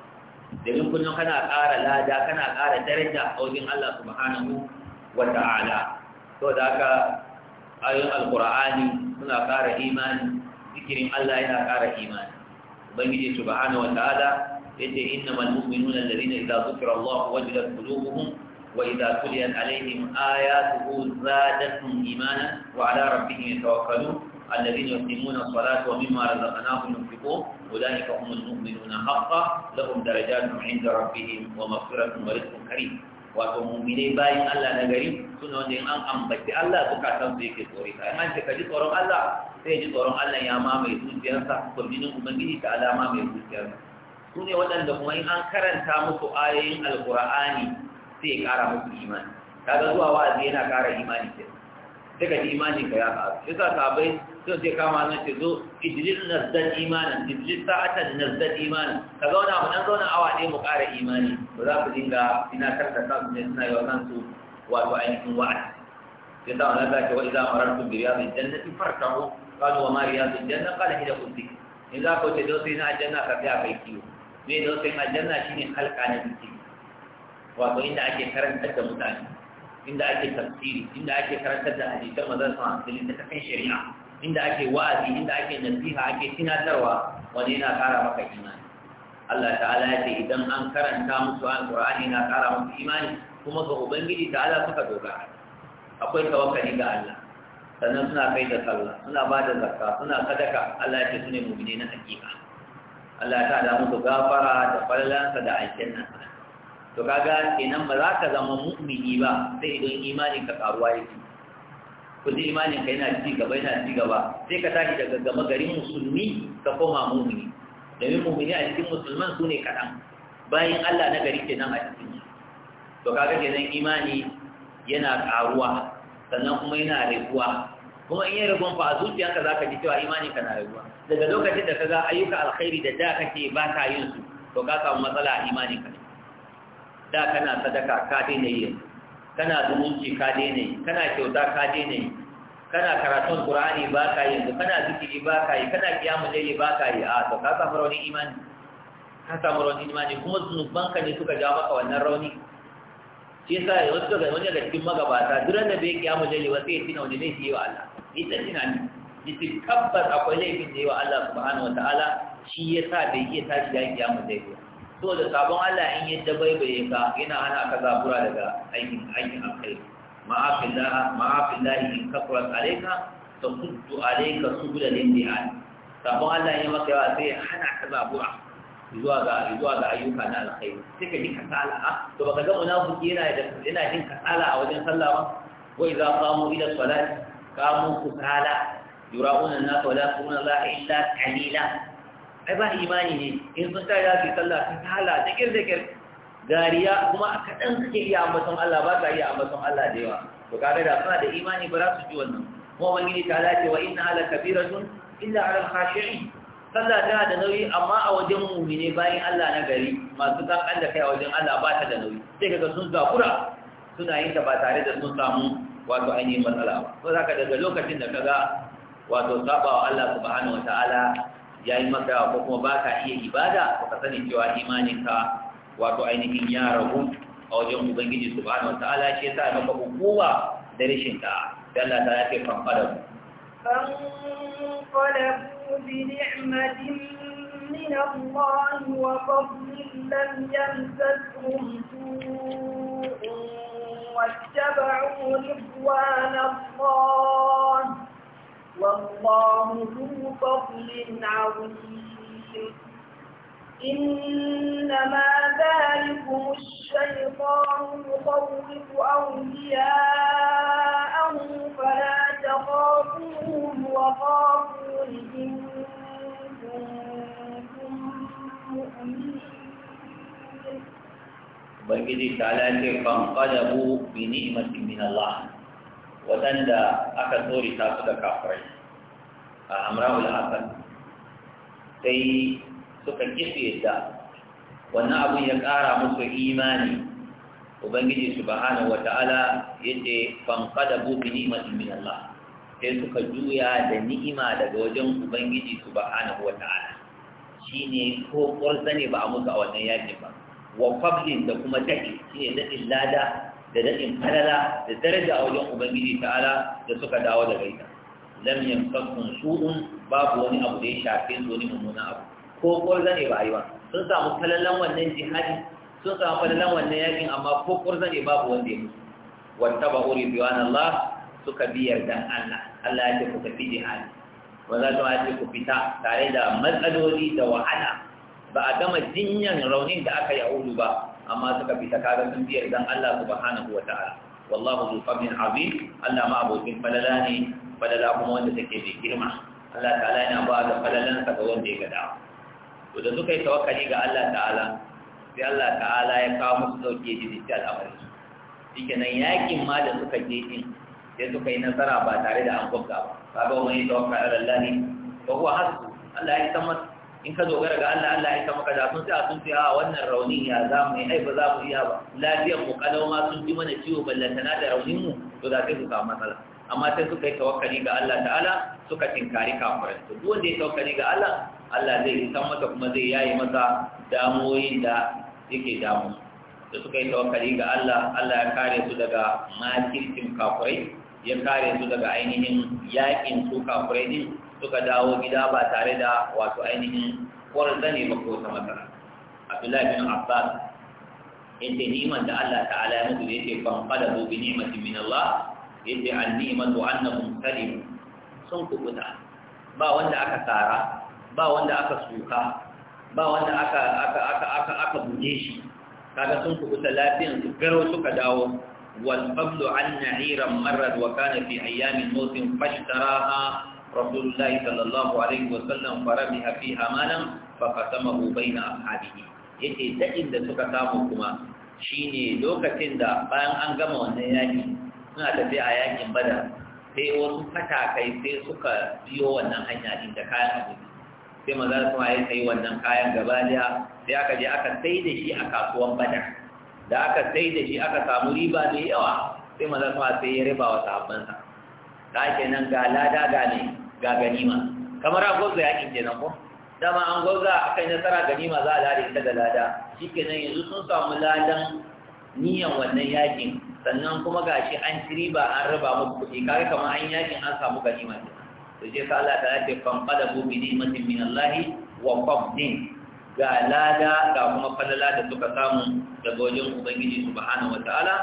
domin kullum kana ƙara lada kana ƙara daraja a wajen Allah subhanahu wa ta'ala to da haka ayoyin alqur'ani suna ƙara imani zikirin Allah yana ƙara imani ubangiji subhanahu wa ta'ala yace innamal mu'minuna alladhina idza dhukira Allah wajadat qulubuhum wa idza tuliyat alaihim ayatuhu zadatuhum imanan wa ala rabbihim yatawakkalun الذين يقيمون الصلاة ومما رزقناهم ينفقون أولئك هم المؤمنون حقا لهم درجات عند ربهم ومغفرة ورزق كريم wato bayan Allah na gari suna wanda an ambaci Allah san su yake tsori ka in an ka ji tsoron Allah sai ji tsoron Allah ya mamaye zuciyarsa kulminin ubangiji ta alama mai zuciyarsa su ne waɗanda kuma in an karanta musu ayoyin alkur'ani sai ya ƙara musu imani kaga zuwa wa'azi yana ƙara imani ke sai ka ji imanin ka ya ƙaru sa sabai sai sai kama nan ce zo idlil nazdad imanin idlil sa'atan nazdad imanin ka zauna mu nan zauna awa ɗaya mu ƙara imani ba za ku dinga ina karta su ne suna yi wa kansu wato ainihin wa'ad sai sa wannan zaki wa idza marartu bi riyadil jannati fartahu qalu wa ma riyadil janna qala da qudsi in za ku ce don sai na aljanna ka tsaya kai kiwo me don sai shi ne halka na biki wato inda ake karanta da mutane inda ake tafsiri inda ake karanta da hadisar mazan sallallahu da wasallam ta kan shari'a inda ake wa'azi inda ake nasiha ake tunatarwa wani yana kara maka imani Allah ta'ala ya ce idan an karanta musu alqur'ani na kara musu imani kuma ga ubangiji ta'ala suka dogara akwai tawakkali ga Allah sannan suna kai da sallah suna ba da zakka suna sadaka Allah ya ce su ne mu'mini na hakika Allah ta da musu gafara da fallansa da aljanna to kaga kenan ba za ka zama mu'mini ba sai idan imanin ka karuwa yake kullum imanin ka yana ci gaba yana ci gaba sai ka tashi daga gama garin musulmi ka koma mumini domin mumini a cikin musulman su ne kaɗan bayan Allah na gari kenan a cikin to kaga kenan imani yana ƙaruwa sannan kuma yana raguwa kuma in yi ragon fa a zuciyanka za ka ji cewa imani ka na raguwa daga lokacin da ka ga ayyuka alkhairi da da kake ba ka yin su to ka samu matsala a imani ka da kana sadaka ka daina yi kana zumunci ka daina yi kana kyauta ka daina yi kana karatun qur'ani ba ka yi kana zikiri ba ka yi kana kiyamun laili ba ka yi a to ka samu rauni imani ka samu rauni imani kuma zunubanka ne suka ja maka wannan rauni shi yasa wasu daga wani daga cikin magabata duran da bai kiyamun laili ba sai ya tina wani laifi wa Allah ita tina ni ita tabbas akwai laifin da yi wa Allah subhanahu wa ta'ala shi yasa bai iya tashi da kiyamun laili ba so da sabon Allah in yi dabaibaye ka yana hana ka zabura daga aikin aikin alkhairi ma'afin lahi in kafarat alayka tasuddu alayka ya yi. sabon Allah in yi maka yawa sai hana ka zabura zuwa ga ayyuka na alkhairi sai ka ji kasala a ah, to baka ga munafiki yana da yana jin kasala a wajen sallah ba wa idza mu ila salati qamu kusala yura'una an-nasa wa la yaquluna la ilaha illa qalila ai ba imani ne in sun tare su yi sallah sun hala da kirkir gariya kuma a kaɗan suke iya ambaton Allah ba ka iya ambaton Allah da yawa to kaga da suna da imani ba za su ji wannan kuma gini ta lace wa inna ala sun illa ala khashi'in sallah tana da nauyi amma a wajen mumine bayan Allah na gari masu kankan da kai a wajen Allah ba ta da nauyi sai kaga sun zakura suna yin ta ba tare da sun samu wato ainihin matsala ba ko ka daga lokacin da ka ga, wato sabawa Allah subhanahu ta'ala. ya yi maka ko kuma ba ka iya ibada ko ka sani cewa imaninka wato ainihin ya ragu a wajen ubangiji subhanahu ala shi yasa maka kowa da rashin ta dan Allah ta yake fanfada fanqalabu bi ni'matin min Allah والله ذو فضل عظيم إنما ذلكم الشيطان يخوف أولياءه فلا تخافوهم وخافون إن كنتم مؤمنين على تعالى فانقلبوا بنعمة من الله waɗanda aka tsori ta su da kafirai a amrawul hasan sai suka kisu yadda wannan abun ya ƙara musu imani ubangiji subhanahu wata'ala yace fanqadabu bi ni'matin min Allah sai suka juya da ni'ima daga wajen ubangiji subhanahu wata'ala ne ko ƙwarsa ne ba a musu a wannan yakin ba wa qablin da kuma shi ne dadin lada da daɗin falala da daraja a wajen ubangiji ta'ala da suka dawo da gaita lam yamsakun su'un babu wani abu da ya shafe su wani mummunan abu ko ƙwarza ne ba a yi ba sun samu falalan wannan jihadi sun samu falalan wannan yakin amma ko ƙwarza ne babu wanda ya mutu wata ba uri biwan Allah suka bi yardan Allah Allah ya ce ku tafi jihadi wanda ta ce ku fita tare da matsaloli da wahala ba a gama jinyan raunin da aka yi a ba amma suka fita kaga sun biya idan Allah subhanahu wa ta'ala wallahu zu fadlin azim Allah ma abokin falala ne falala kuma wanda take mai girma Allah ta'ala yana ba da falalan sa ga wanda ya ga gada to da suka yi tawakkali ga Allah ta'ala sai Allah ta'ala ya kawo musu dauke ji da al'amari shikenan yakin ma da suka je din sai suka yi nasara ba tare da an gwabza ba kaga wani tawakkal Allah ne fa kuwa hasbu Allah ya san masa in ka dogara ga Allah Allah ya kama da sun sai a sun sai a wannan raunin ya za mu yi ai ba za mu iya ba lafiyar mu kalau ma sun ji mana ciwo ballantana da raunin mu to za sai su samu matsala amma sai suka yi tawakkali ga Allah ta'ala suka tinkari kafirai to duk wanda ya tawakkali ga Allah Allah zai san kuma zai yayi masa damoyin da yake damu da suka yi tawakkali ga Allah Allah ya kare su daga makircin kafirai ya kare su daga ainihin yakin su kafirai din suka dawo gida ba tare da wato ainihin kwarar zane ba ko ta matsala abdullahi bin abbas yace niman da Allah ta'ala ya mutu da yace fan qadabu bi ni'matin min Allah yace an ni'matu annahum salim sun kubuta ba wanda aka tsara ba wanda aka suka ba wanda aka aka aka aka aka buje shi kaga sun kubuta lafiyan su garo suka dawo wal fadlu an na'iran marrad wa kana fi ayyamin mawsim fashtaraha رسول sallallahu alaihi الله عليه وسلم فرمح فيها مالا فقسمه بين أصحابه yace daɗin da suka samu kuma shine lokacin da bayan an gama wannan yaƙi suna tafiya a yaƙin bada sai wasu fatakai sai suka biyo wannan hanya din da kayan abinci sai maza su ya sai wannan kayan gaba daya sai aka je aka sai da shi a kasuwan bada da aka sai da shi aka samu riba mai yawa sai maza su sai ya riba wa sahabbansa ta nan ga lada ga ne ga ganima kamar a ya yakin na ko dama an gwabza a kai nasara ganima za a lada ta da lada shi kenan yanzu sun samu ladan niyan wannan yakin sannan kuma ga shi an ci riba an raba musu kuɗi kaga kamar an yakin an samu ganima ne to je ka Allah ta ce fan qalabu bi ni'matin min Allahi wa ga lada ga kuma falala da suka samu daga wajen ubangiji subhanahu wataala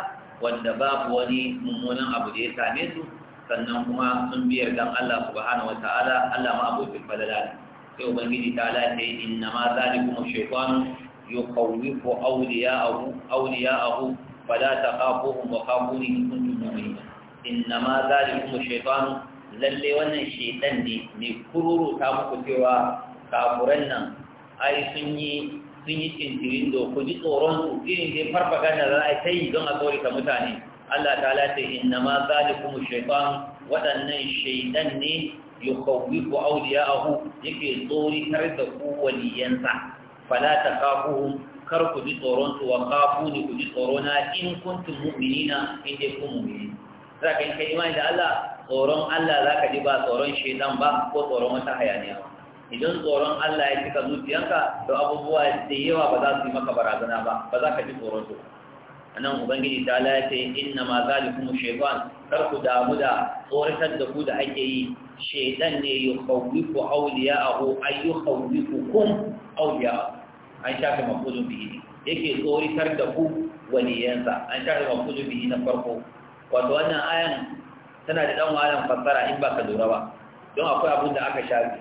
wanda babu wani mummunan abu da ya same su sannan kuma sun biyar dan Allah subhanahu wataala Allah ma abokin falala sai ubangiji ta ala ta yi inna ma zalikum shaytanu yukawwifu awliya'ahu awliya'ahu fala taqafuhum wa qafuni in kuntum mu'minin inna ma zalikum shaytanu lalle wannan shaytan ne mai kururu ta muku cewa kafuran nan ai sun yi sun yi tintirin do ku ji tsoron su irin dai farfaganda za a yi ta don a tsorita mutane Allah ta lati inna ma zalikum shaytan waɗannan shaytan ne ya ahu yake tsori tare da ku waliyansa fala kafu kar ku ji tsoron su wa kafuni ku ji tsoro na in kuntum mu'minina in dai kun mu'mini za ka yi kai imani da Allah tsoron Allah za ka ji ba tsoron shaidan ba ko tsoron wata hayaniya ba idan tsoron Allah ya cika zuciyanka to abubuwa da yawa ba za su yi maka barazana ba ba za ka ji tsoron su nan, ubangiji ta lace inna ma zalikum shaytan kar ku damu da tsoratar da ku da ake yi shaytan ne yukhawifu awliya'ahu ay yukhawifukum awliya an shafe mafuzun bihi yake tsoratar da ku wani yansa. an shafe mafuzun bihi na farko wato wannan ayan tana da dan wahalan fassara in ba ka lura ba don akwai abin da aka shafe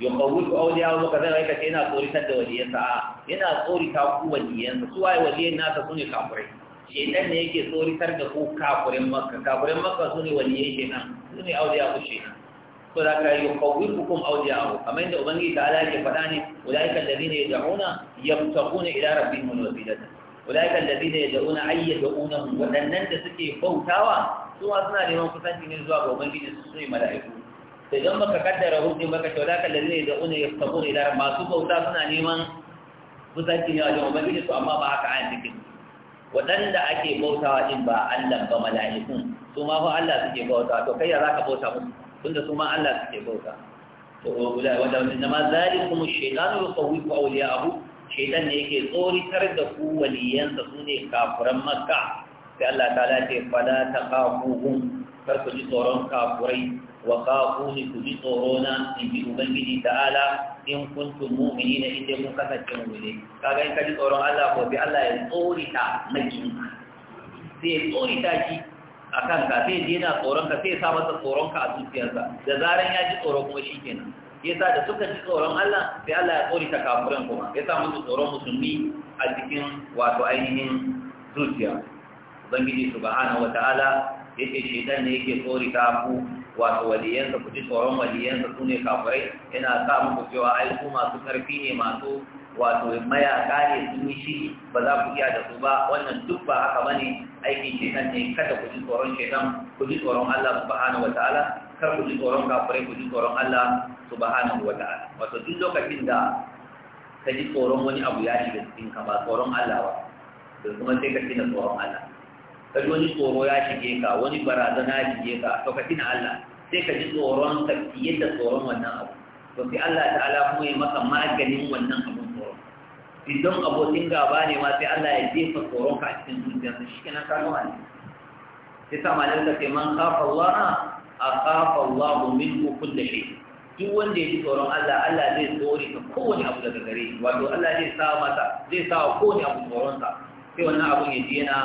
yuqawwitu awliya wa kaza wai kace yana tsoritar da waliyansa yana tsorita ku waliyansa su waye waliyan nasa sune kafirai ɗan ne yake tsoritar da ku kafirin makka kafirin makka sune waliyan nan, shedan sune awliya ku shedan to da kai yuqawwitukum awliya kamar yadda Ubangiji ta ala ke faɗa ne da ne ya ulaika alladhina yad'una yabtaquna ila rabbihim alwasilata ulaika alladhina yad'una ayyadunahum wadannan da suke bautawa su ma suna neman kusanci ne zuwa ga ubangiji su ne mala'iku to idan baka kaddara hudin baka ce. to da zai ne da unu yaftabun idan. masu bauta suna neman kusanci ne a wajen ubangiji su. amma ba haka ayan take waɗanda ake bautawa din ba Allah ba mala'ikun su ma fa Allah suke bauta to kai ya ka bauta musu tunda su ma Allah suke bauta to ulai wanda inma zalikum ku shaytanu yusawwifu abu. Shaitan ne yake tsoritar da ku waliyansa sune kafuran makka sai Allah ta ce ta taqafuhum kar ku ji tsoron kafurai wa khafuni ku ji tsorona in ji ubangiji ta'ala in kuntum mu'minina in dai mun kasance mu'mini kaga in ka ji tsoron Allah ko bi Allah ya tsorita maki sai tsorita a kanka sai je na tsoronka sai sa masa tsoronka a zuciyarsa da zaran ya ji tsoron kuma shi kenan ya sa da suka ji tsoron Allah sai Allah ya tsori ta kafuran kuma ya sa musu tsoron musulmi a cikin wato ainihin zuciya ubangiji subhanahu wataala yake shedan ne yake tsori ta ku wato waliyansa ku ji tsoron waliyansa su ne kafirai yana sa muku cewa ai ku masu karfi ne masu wato mayaka ne sun yi shi ba za ku iya da su ba wannan duk ba haka bane aikin shekan ne kada ku ji tsoron shekan ku ji tsoron Allah subhanahu wataala kar ku ji tsoron kafirai ku ji tsoron Allah subhanahu wataala wato duk lokacin da ka ji tsoron wani abu ya shiga cikin ka ba tsoron Allah ba da kuma sai ka tina tsoron Allah kaji wani tsoro ya shige ka wani barazana ya shige ka to ka tina Allah sai ka ji tsoron ka fiye da tsoron wannan abu to sai Allah ta'ala kuma ya maka maganin wannan abun tsoron idan abokin gaba ne ma sai Allah ya jefa tsoron ka a cikin zuciyarsa shi kenan ka gama ne sai sa malaika ce man kafa Allah a kafa Allah ko hukun da shi duk wanda ya ji tsoron Allah Allah zai tsori ka kowane abu daga gare shi wato Allah zai sa masa zai sa kowane abu tsoronsa sai wannan abun ya ji yana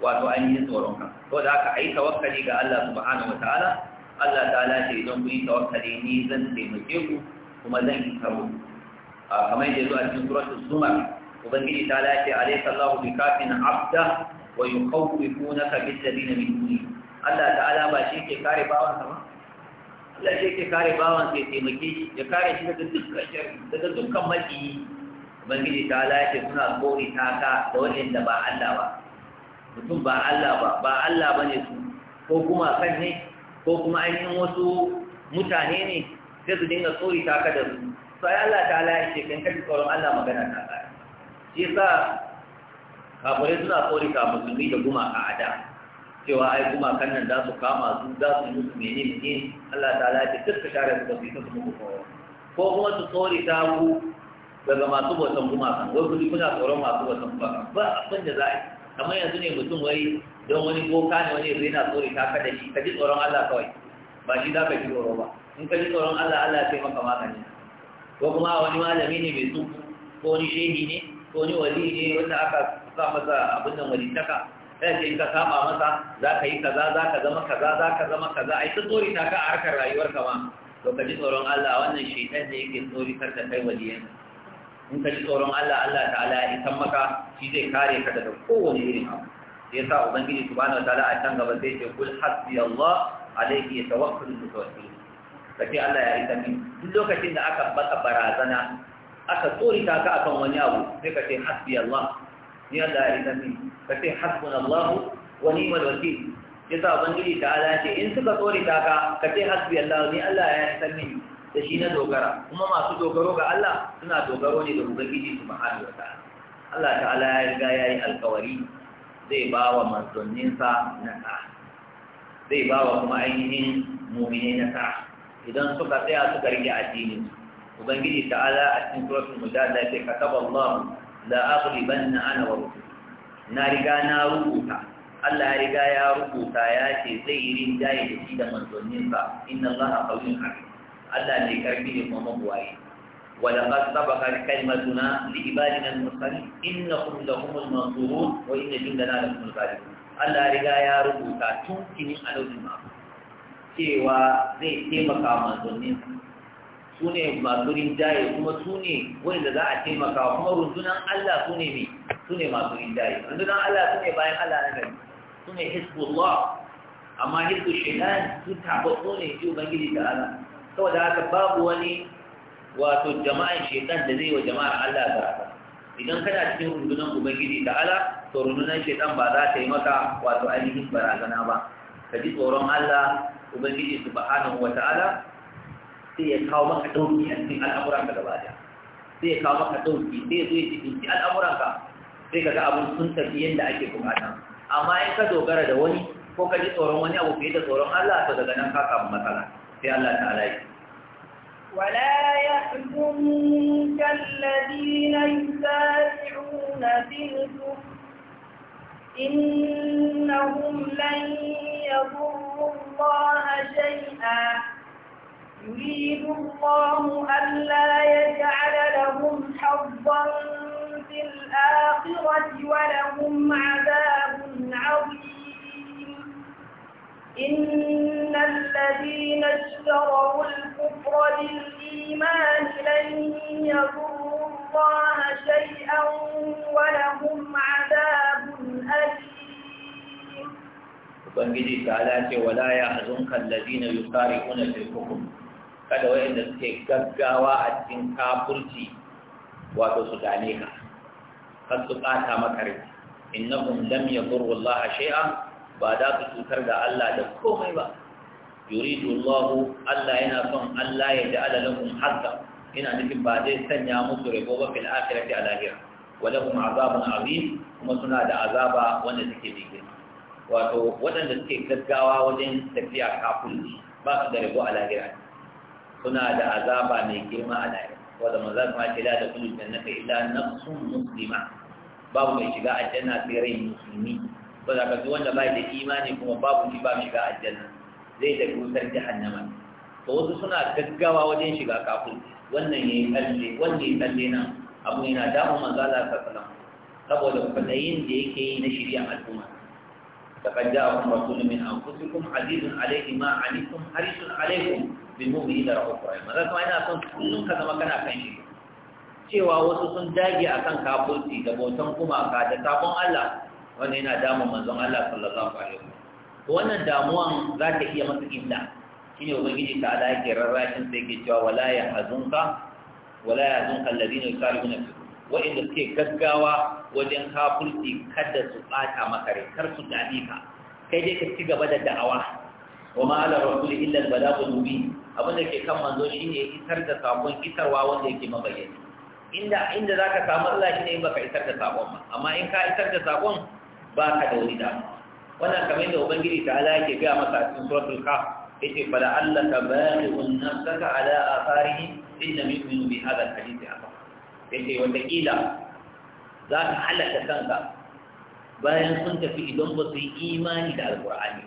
wato ainihin tsoronka to da haka ayi tawakkali ga Allah subhanahu wataala Allah ta lashe idan kun yi tawakkali ni zan taimake ku kuma zan yi karo kamar yadda zuwa cikin suratul zumar ubangiji ta lashe alaysa Allahu bi kafin abda wa yukawwifunaka bil ladina min duni Allah ta'ala ba shi ke kare bawan sa ba Allah shi ke kare bawan sa ya taimake shi ya kare shi daga dukkan sharri daga dukkan maki ubangiji ta lashe suna kori taka da wanda ba Allah ba mutum ba Allah ba ba Allah bane su ko kuma kan ne ko kuma ainihin wasu mutane ne sai su dinga tsori ta ka da su sai Allah ta ala ce kan kaji tsoron Allah magana ta ka shi yasa kafirai suna tsori ka musulmi da gumaka a da cewa ai gumakan nan za su kama su za su musu menene ne Allah ta ala ya ce duk share su da su su muku ko kuma su tsori ta ku daga masu bautan gumaka wai kuma kuna tsoron masu bautan kan? ba abin da za a yi kamar yanzu ne mutum wai don wani boka ne wani zai na tsori ta kada shi ka ji tsoron Allah kawai ba shi za ka ji tsoro ba in ka ji tsoron Allah Allah sai maka magani ko kuma wani malami ne mai tsufu ko wani shehi ne ko wani wali ne wanda aka sa masa abin nan wani sai sai ka saba masa za ka yi kaza za ka zama kaza za ka zama kaza ai ta tsori ta ka a harkar rayuwar ka ma to ka ji tsoron Allah wannan shaitan ne yake tsori kar da kai waliyan in ka ji tsoron Allah Allah ta'ala ya isan maka shi zai kare ka daga kowane irin abu yasa ubangiji subhanahu ta'ala a can gaba zai ce kul hasbi Allah alayhi yatawakkalu mutawakkil kace Allah ya isa min duk lokacin da aka baka barazana aka tsorita ka akan wani abu sai ka ce hasbi Allah ni Allah ya isa min kace hasbunallahu wa ni'mal wakeel yasa ubangiji ta'ala ce in suka tsorita ka ka ce hasbi Allah ni Allah ya isa min da shi na dogara kuma masu dogaro ga Allah suna dogaro ne da ubangiji subhanahu wataala Allah ta'ala ya riga ya yi alƙawari zai ba wa na nasara zai ba wa kuma ainihin na nasara idan suka tsaya suka rike addinin ubangiji ta Ala a cikin suratul mujadala ce ka taba Allah la banna ana wa na riga na rubuta Allah ya riga ya rubuta ya ce zai yi rinjaye da shi da manzanninsa inna Allah qawiyyun hakim Allah mai karfi ne kuma mabuwayi ولقد سبقت كلمتنا لعبادنا المرسلين انكم لهم المنصورون وان جندنا لهم الغالبون Allah riga ya rubuta tun kinin alodin mafi cewa zai taimaka manzannin su ne masu rinjaye kuma su ne wanda za a taimaka kuma rundunan Allah su ne mai su ne masu rinjaye rundunan Allah su ne bayan Allah na gari su ne hisbullah amma hisbu shaitan su tabbatu ne ji ubangiji da Allah saboda haka babu wani wato jama'an shaitan da zai wa jama'ar Allah ba idan kana cikin rundunar ubangiji da ala to rundunar shaitan ba za ta yi maka wato ainihin barazana ba ka ji tsoron Allah ubangiji subhanahu ta'ala, sai ya kawo maka dauki a cikin ka gaba da sai ya kawo maka dauki sai zo ya cikin ka sai ka ga abun sun tafi yadda ake bukata amma in ka dogara da wani ko ka ji tsoron wani abu fiye da tsoron Allah to daga nan ka samu matsala sai Allah ta'ala ya ولا يحزنك الذين يسارعون في الكفر إنهم لن يضروا الله شيئا يريد الله ألا يجعل لهم حظا في الآخرة ولهم عذاب عظيم إن الذين اشتروا الكفر بالإيمان لن يضروا الله شيئا ولهم عذاب أليم Ubangiji ta'ala ce wala ya hazunka allazina yusari'una fil kufr kada wayanda suke gaggawa a cikin kafurci wato su gane ka kar su maka rai innahum lam yadurru Allah shay'a ba za su cutar da Allah da komai ba yuridu Allah Allah yana son Allah ya ja'ala lakum hazza ina nufin ba zai sanya musu rabo ba fil akhirati a lahira wa kuma azabun azim kuma suna da azaba wanda suke bi wato waɗanda suke gaggawa wajen tafiya kafin ba su da rabo a lahira suna da azaba mai girma a lahira wanda maza kuma ce la da kullu jannata illa nafsun muslima babu mai shiga a sai rai musulmi ba za ka wanda bai da imani kuma babu shi ba shiga aljanna zai tafi wutar jahannama to wasu suna gaggawa wajen shiga kafin wannan yayi kalle wannan yayi kalle na abu yana damu manzo Allah sallallahu saboda kwadayin da yake yi na shirya al'umma لقد جاءكم رسول من انفسكم عزيز عليه ما عنتم حريص عليكم بالمؤمنين رؤوف رحيم maza kuma ina son kullum ka zama kana kan shi cewa wasu sun dage akan kafirci da bautan gumaka da sabon Allah wanda yana damun manzon Allah sallallahu alaihi wasallam wannan damuwan za ta iya masa illa shine ubangiji ta ala yake rarrashin sai yake cewa wala ya hazunka wala ya hazunka alladhina yusaluna fi inda suke gaggawa wajen kafulci kada su bata maka rai kar su dadi ka kai dai ka ci gaba da da'awa wa ma ala rasul illa al balagh mubin abinda ke kan manzo shine isar da sabon isarwa wanda yake mabayyana inda inda zaka samu Allah shine in baka isar da sabon ba amma in ka isar da sabon? ba ka da wani damuwa wannan kamar yadda ubangiji ta ala yake gaya masa a cikin suratul kaf yake fala allaka ba'un nafsaka ala atharihi in lam yu'minu bi hadha alhadith afa yake wanda kila za ka halaka kanka bayan sun tafi idan ba su yi imani da alqur'ani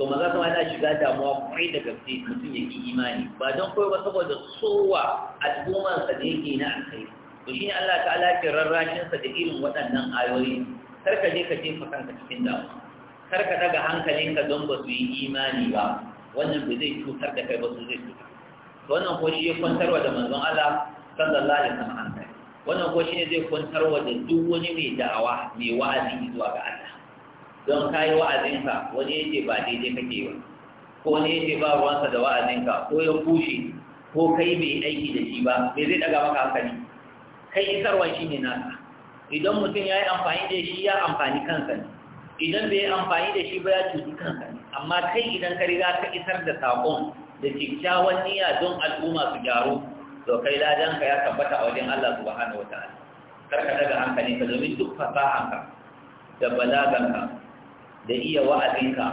to maza kuma yana shiga damuwa kwarai da gaske mutum ya yi imani ba don koyo ba saboda sowa al'ummarsa da yake na alkhairi to shine Allah ta'ala ke rarrashin sa da irin waɗannan ayoyi kar ka je ka jefa kanka cikin damuwa kar ka daga hankalinka don ba su yi imani ba wannan bai zai cutar da kai ba su zai cutar wannan ko shi ya kwantarwa da manzon Allah sallallahu alaihi wasallam hankali wannan ko shi ne zai kwantarwa da duk wani mai da'awa mai wa'azi zuwa ga Allah don kai wa'azinka wani yake ba daidai kake ba ko ne yake ba ruwansa da wa'azinka ko ya kushe ko kai bai aiki da shi ba bai zai daga maka hankali kai isarwa ne naka idan mutum ya yi amfani da shi ya amfani kansa ne idan bai yi amfani da shi ba ya cuci kansa ne amma kai idan ka riga ka isar da saƙon da kyakkyawan niyya don al'umma su gyaru to kai ladanka ya tabbata a wajen Allah subhanahu wa ta'ala kar ka daga hankali ka domin duk fasahanka da balaganka da iya wa'azinka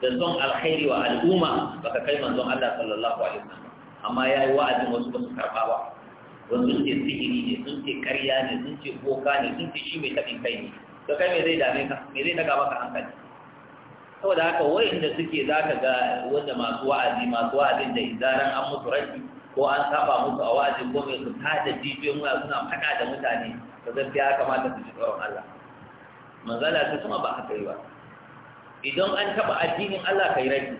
da son alkhairi wa al'umma baka kai manzon Allah sallallahu alaihi wasallam amma yayi wa'azin wasu ba su karɓa ba sun ce sihiri ne sun ce karya ne sun ce boka ne sun ce shi mai taɓin kai ne to kai mai zai dame ka me zai daga maka hankali saboda haka inda suke za ka ga wanda masu wa'azi masu wa'azin da izaran an mutu rashi ko an saba musu a wa'azi ko mai su da jijiyoyin wuya suna faɗa da mutane ka zan fiya kamata su ji tsoron Allah manzala ta kuma ba haka yi ba idan an taɓa addinin Allah ka yi rashi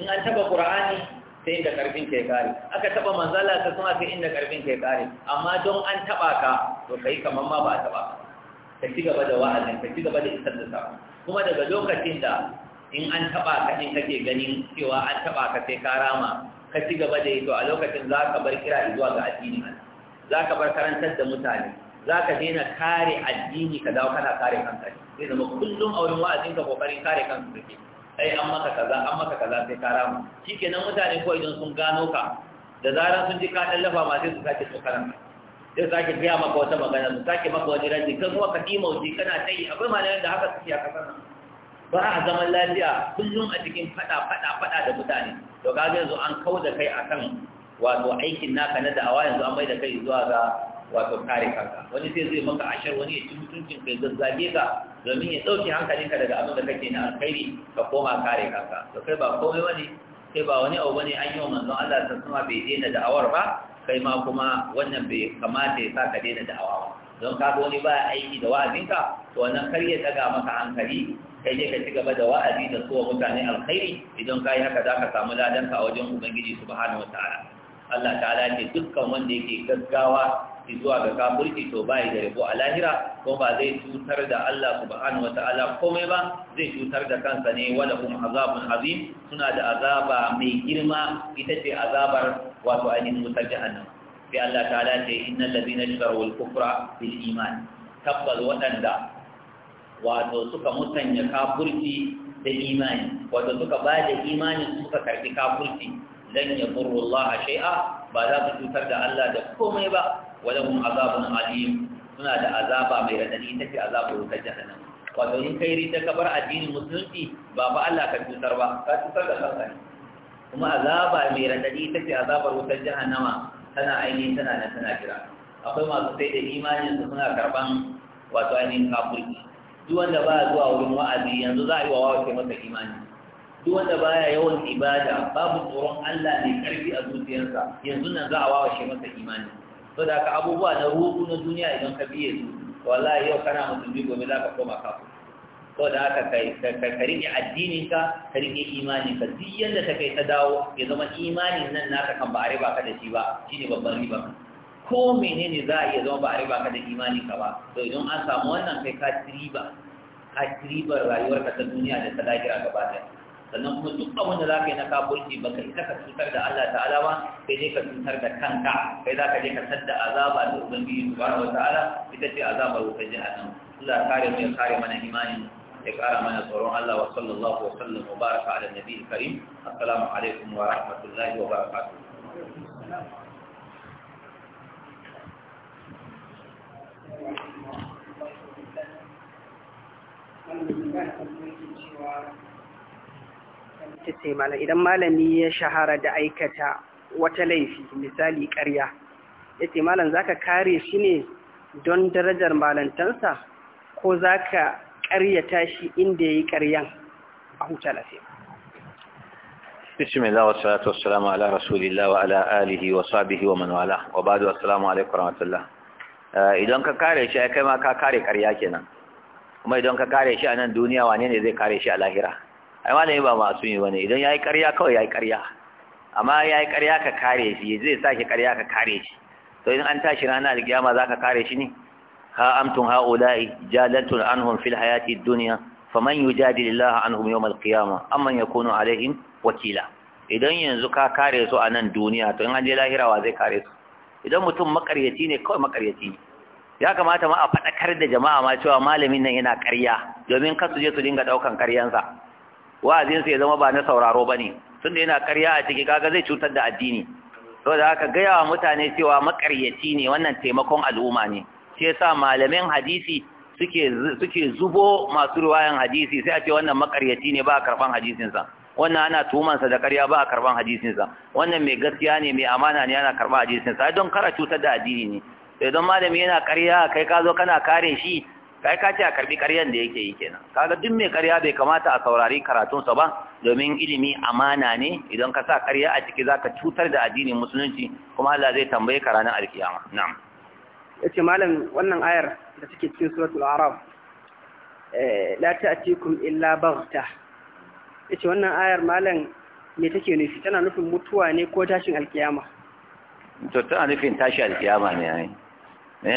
in an taɓa Qur'ani sai inda karfin ke kare aka taba manzala ta suna sai inda karfin ke kare amma don an taba ka to kai kaman ma ba a taba ka ci gaba da wa'azin ka ci gaba da isar da sako kuma daga lokacin da in an taba ka din kake ganin cewa an taba ka sai ka rama ka ci gaba da yi to a lokacin za ka bar kira zuwa ga addini za ka bar karantar da mutane za ka daina kare addini ka dawo kana kare kanka zai zama kullum a wurin ko kokarin kare kanka ke. ai an maka kaza an maka kaza sai ka rama shikenan mutane ko idan sun gano ka da zarar sun ji ka lafa ma sai su sake tsokaran ka sai sake biya maka wata magana su sake maka wani raji kan kuma ka ɗima wuce kana ta yi akwai malayan da haka suke a kasar nan ba a zaman lafiya kullum a cikin faɗa-faɗa-faɗa da mutane to ga yanzu an kauda kai akan wato aikin naka na da'awa yanzu an mai da kai zuwa ga wato kare kanka wani sai zai maka ashar wani ya ci mutuncin kai zazzage ka domin ya ɗauke hankalinka daga abin da kake na alkhairi ka koma kare kanka to kai ba komai bane kai ba wani abu bane an yi wa manzon Allah ta kuma bai daina da'awar ba kai ma kuma wannan bai kamata ya sa ka daina da'awa ba don ka wani ba aiki da wa'azinka to wannan kar ya daga maka hankali kai ne ka ci gaba da wa'azi da so mutane alkhairi idan kai haka za ka samu ladanka a wajen ubangiji subhanahu wataala Allah ta'ala ce dukkan wanda yake gaggawa zuwa ga kafirci to bai da rabo a lahira ko ba zai cutar da Allah subhanahu wataala komai ba zai cutar da kansa ne wala kuma azabun azim suna da azaba mai girma ita ce azabar wato ainihin wutar jahannam sai Allah ta'ala ce innal ladina shkaru wal kufra bil iman tabbas waɗanda wato suka musanya kafirci da imani wato suka ba da imani suka karbi kafirci lan yadurru Allah shay'a ba za su cutar da Allah da komai ba ولهم عذاب عليم suna da azaba mai radadi take azabar wutar jahannam wato in kai rita ka addinin musulunci ba fa Allah ka cutar ba ka cutar da kanka ne kuma azaba mai radadi take azabar wutar jahannama tana ainihin tana nan tana kira. akwai masu sai da imanin su suna karban wato ainihin kafirci duk wanda ba zuwa wurin wa'azi yanzu za a yi wa wawa masa imani duk wanda baya yawan ibada babu tsoron Allah ne karfi a zuciyarsa yanzu nan za a wawa shi masa imani to da ka abubuwa na ruhu na duniya idan ka biye su wallahi yau kana musulmi gobe za ka koma kafu Ko da haka ka ne addininka ka riƙe imaninka duk yanda ta kai ta dawo ya zama imanin nan naka kan ba ka da shi ba shine babban riba ko menene za a iya zama ba riba ka da ka ba to idan an samu wannan kai ka riba ka rayuwar rayuwarka ta duniya da ta lahira gaba ɗaya sannan kuma duk abin da za ka yi na kafurci ba ka isa ka cutar da Allah ta'ala ba sai dai ka cutar da kanka kai za ka je ka sadda azaba da ubangiji subhanahu wa ta'ala ita ce azabar wutar jahannam Allah kare mu ya kare mana imanin ya kara mana tsoron Allah wa sallallahu wa sallam wa baraka ala nabiyil karim assalamu alaikum wa rahmatullahi wa barakatuh Thank you. ta ce malam idan malami ya shahara da aikata wata laifi misali ƙarya ya ce malam za ka kare shi ne don darajar malantansa ko za ka ƙaryata shi inda ya yi ƙaryan a huta lafiya salamu ala والصلاة wa ala alihi wa sabihi wa وصحبه wa والاه wa والسلام عليكم ورحمة الله idan ka kare shi kai ma ka kare ƙarya kenan kuma idan ka kare shi a nan duniya wane ne zai kare shi a lahira A malami ba masu yi bane idan yi ƙarya kawai yi ƙarya amma yi ƙarya ka kare shi zai sake ƙarya ka kare shi to idan an tashi ranar za zaka kare shi ne ha amtum haula'i an anhum fil hayati dunya faman yujadilu Allah anhum yawm alqiyama ya yakunu alaihim wakila idan yanzu ka kare su a nan duniya to in an je lahira wa zai kare su idan mutum makaryaci ne kawai makaryaci ne ya kamata ma a faɗakar da jama'a ma cewa malamin nan yana ƙarya domin kasu je su dinga ɗaukan ƙaryansa wa'azinsa ya zama ba na sauraro ba ne da yana karya a ciki kaga zai cutar da addini So da haka gaya wa mutane cewa makaryaci ne wannan taimakon al'umma ne shi yasa malamin hadisi suke suke zubo masu riwayan hadisi sai a ce wannan makaryaci ne ba a karban hadisinsa wannan ana tumansa da karya ba a karban hadisinsa wannan mai gaskiya ne mai amana ne ana karban hadisinsa don kara cutar da addini ne sai don malami yana karya kai ka zo kana kare shi kai ka ce a karbi karyan da yake yi kenan kaga duk mai karya bai kamata a saurari sa ba domin ilimi amana ne idan ka sa karya a ciki zaka cutar da addinin musulunci kuma Allah zai tambaye ka ranar alkiyama na'am yace malam wannan ayar da take cikin suratul araf eh, la ta'tikum illa baghta yace wannan ayar malam me take nufi tana nufin mutuwa ne ko tashin alkiyama to tana nufin tashin alkiyama ne ai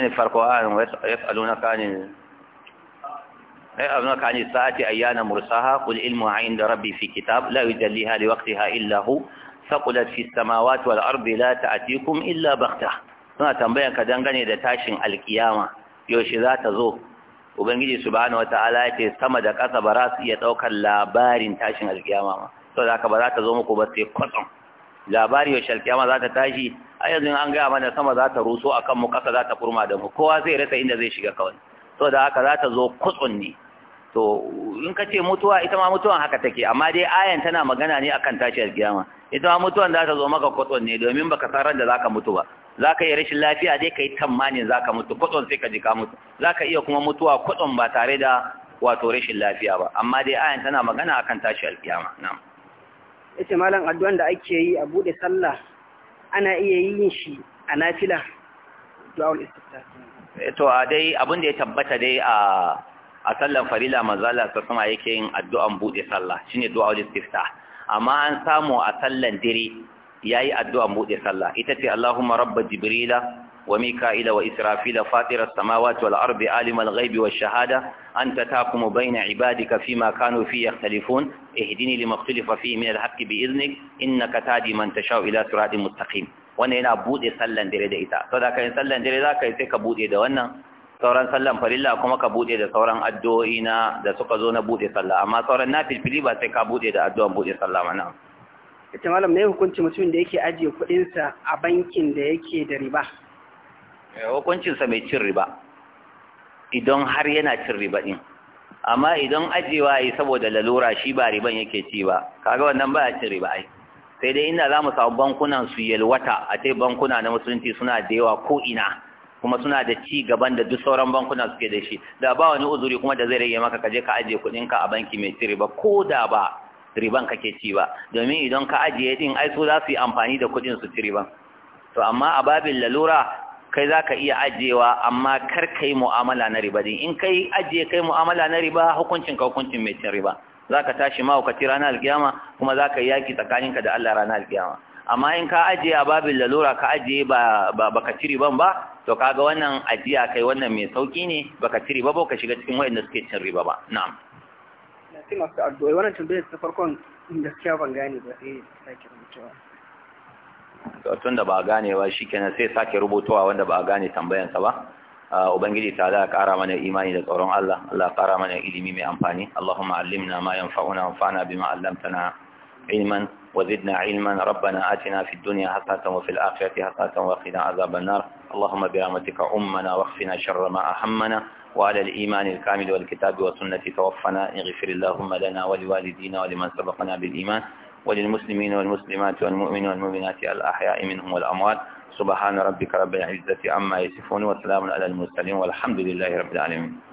ne farko ayar alunaka ne يسألونك عن الساعة أيان مرساها قل علمها عند ربي في كتاب لا يجليها لوقتها إلا هو ثقلت في السماوات والأرض لا تأتيكم إلا بغتة suna tambayan ka dangane da tashin alkiyama yaushe za ta zo ubangiji subhanahu wataala ya ce sama da ƙasa ba za su iya ɗaukar labarin tashin saboda haka ba za ta zo muku ba sai kwatsam labari yaushe alkiyama za ta tashi a yanzu an gaya mana sama za ta ruso a mu ƙasa za ta kurma da mu kowa zai rasa inda zai shiga kawai saboda haka za ta zo kutsun ne to in ka ce mutuwa ita ma mutuwan haka take amma dai ayan tana magana ne akan tashi alkiyama ita ma mutuwan za ta zo maka kwatson ne domin baka san ran da zaka mutu ba zaka yi rashin lafiya dai kai tamanin zaka mutu kwatson sai ka ji ka mutu zaka iya kuma mutuwa kwatson ba tare da wato rashin lafiya ba amma dai ayan tana magana akan tashi alkiyama na'am yace malam addu'an da ake yi a bude sallah ana iya yin shi a nafila du'a ul-istiftah eh, to a dai abin da ya tabbata dai a a sallan farila manzala ta sama yake yin addu'an buɗe sallah shine du'a wajen tifta amma an samu a sallan dire yayi addu'an buɗe sallah ita ce allahumma rabba jibrila wa mika'ila wa israfila fatira samawati wal ardi alimal ghaibi wa shahada anta taqumu baina ibadika fima kanu fi yakhtalifun ihdini lima ikhtalafa fi min al haqqi bi idnik innaka tahdi man tashau ila siratin mustaqim wannan yana buɗe sallan dare da ita saboda kai sallan dire zaka yi sai ka buɗe da wannan sauran sallan farilla kuma ka bude da sauran addu'o'i na da suka zo na bude sallah amma sauran nafilfili ba sai ka bude da addu'an bude sallah mana ita malam ne hukunci mutumin da yake ajiye kuɗin sa a bankin da yake da riba eh, hukuncin sa mai cin riba idan har yana cin riba din amma idan ajiyewa yi saboda lalura shi ba riban yake ci ba kaga wannan ba cin riba ai sai dai ina za mu samu bankunan su yalwata a ce bankuna na musulunci suna da yawa ko ina kuma suna da ci gaban da duk sauran bankuna suke da shi da ba wani uzuri kuma da zai rage maka kaje ka ajiye kuɗinka a banki mai ci riba ko da ba riban kake ci ba domin idan ka ajiye din ai so za su yi amfani da kuɗin su ci riban to amma a babin lalura kai za ka iya ajiyewa amma kar ka yi mu'amala na riba din in kai ajiye kai mu'amala na riba hukuncin ka hukuncin mai cin riba za ka tashi ma ranar alkiyama kuma za ka yi yaƙi tsakaninka da Allah ranar alkiyama amma in ka ajiye a babin lalura ka ajiye ba ka ciri ban ba to kaga wannan ajiya kai wannan mai sauki ne ba ka ciri ba ba ka shiga cikin wayanda suke cin riba ba na'am na ci masu addu'a wannan tambayar ta farkon gaskiya ban gane ba sai eh, sake rubutuwa to tun da ba gane ba shikenan sai sake rubutuwa wanda ba gane tambayansa ba ah, ubangiji ta da kara mana imani da tsoron Allah Allah kara mana ilimi mai amfani Allahumma allimna ma yanfa'una wanfa'na bima 'allamtana علما وزدنا علما ربنا آتنا في الدنيا حسنة وفي الآخرة حسنة وقنا عذاب النار اللهم برحمتك أمنا واخفنا شر ما أهمنا وعلى الإيمان الكامل والكتاب والسنة توفنا اغفر اللهم لنا ولوالدينا ولمن سبقنا بالإيمان وللمسلمين والمسلمات والمؤمنين والمؤمنات الأحياء منهم والأموات سبحان ربك رب العزة عما يصفون وسلام على المرسلين والحمد لله رب العالمين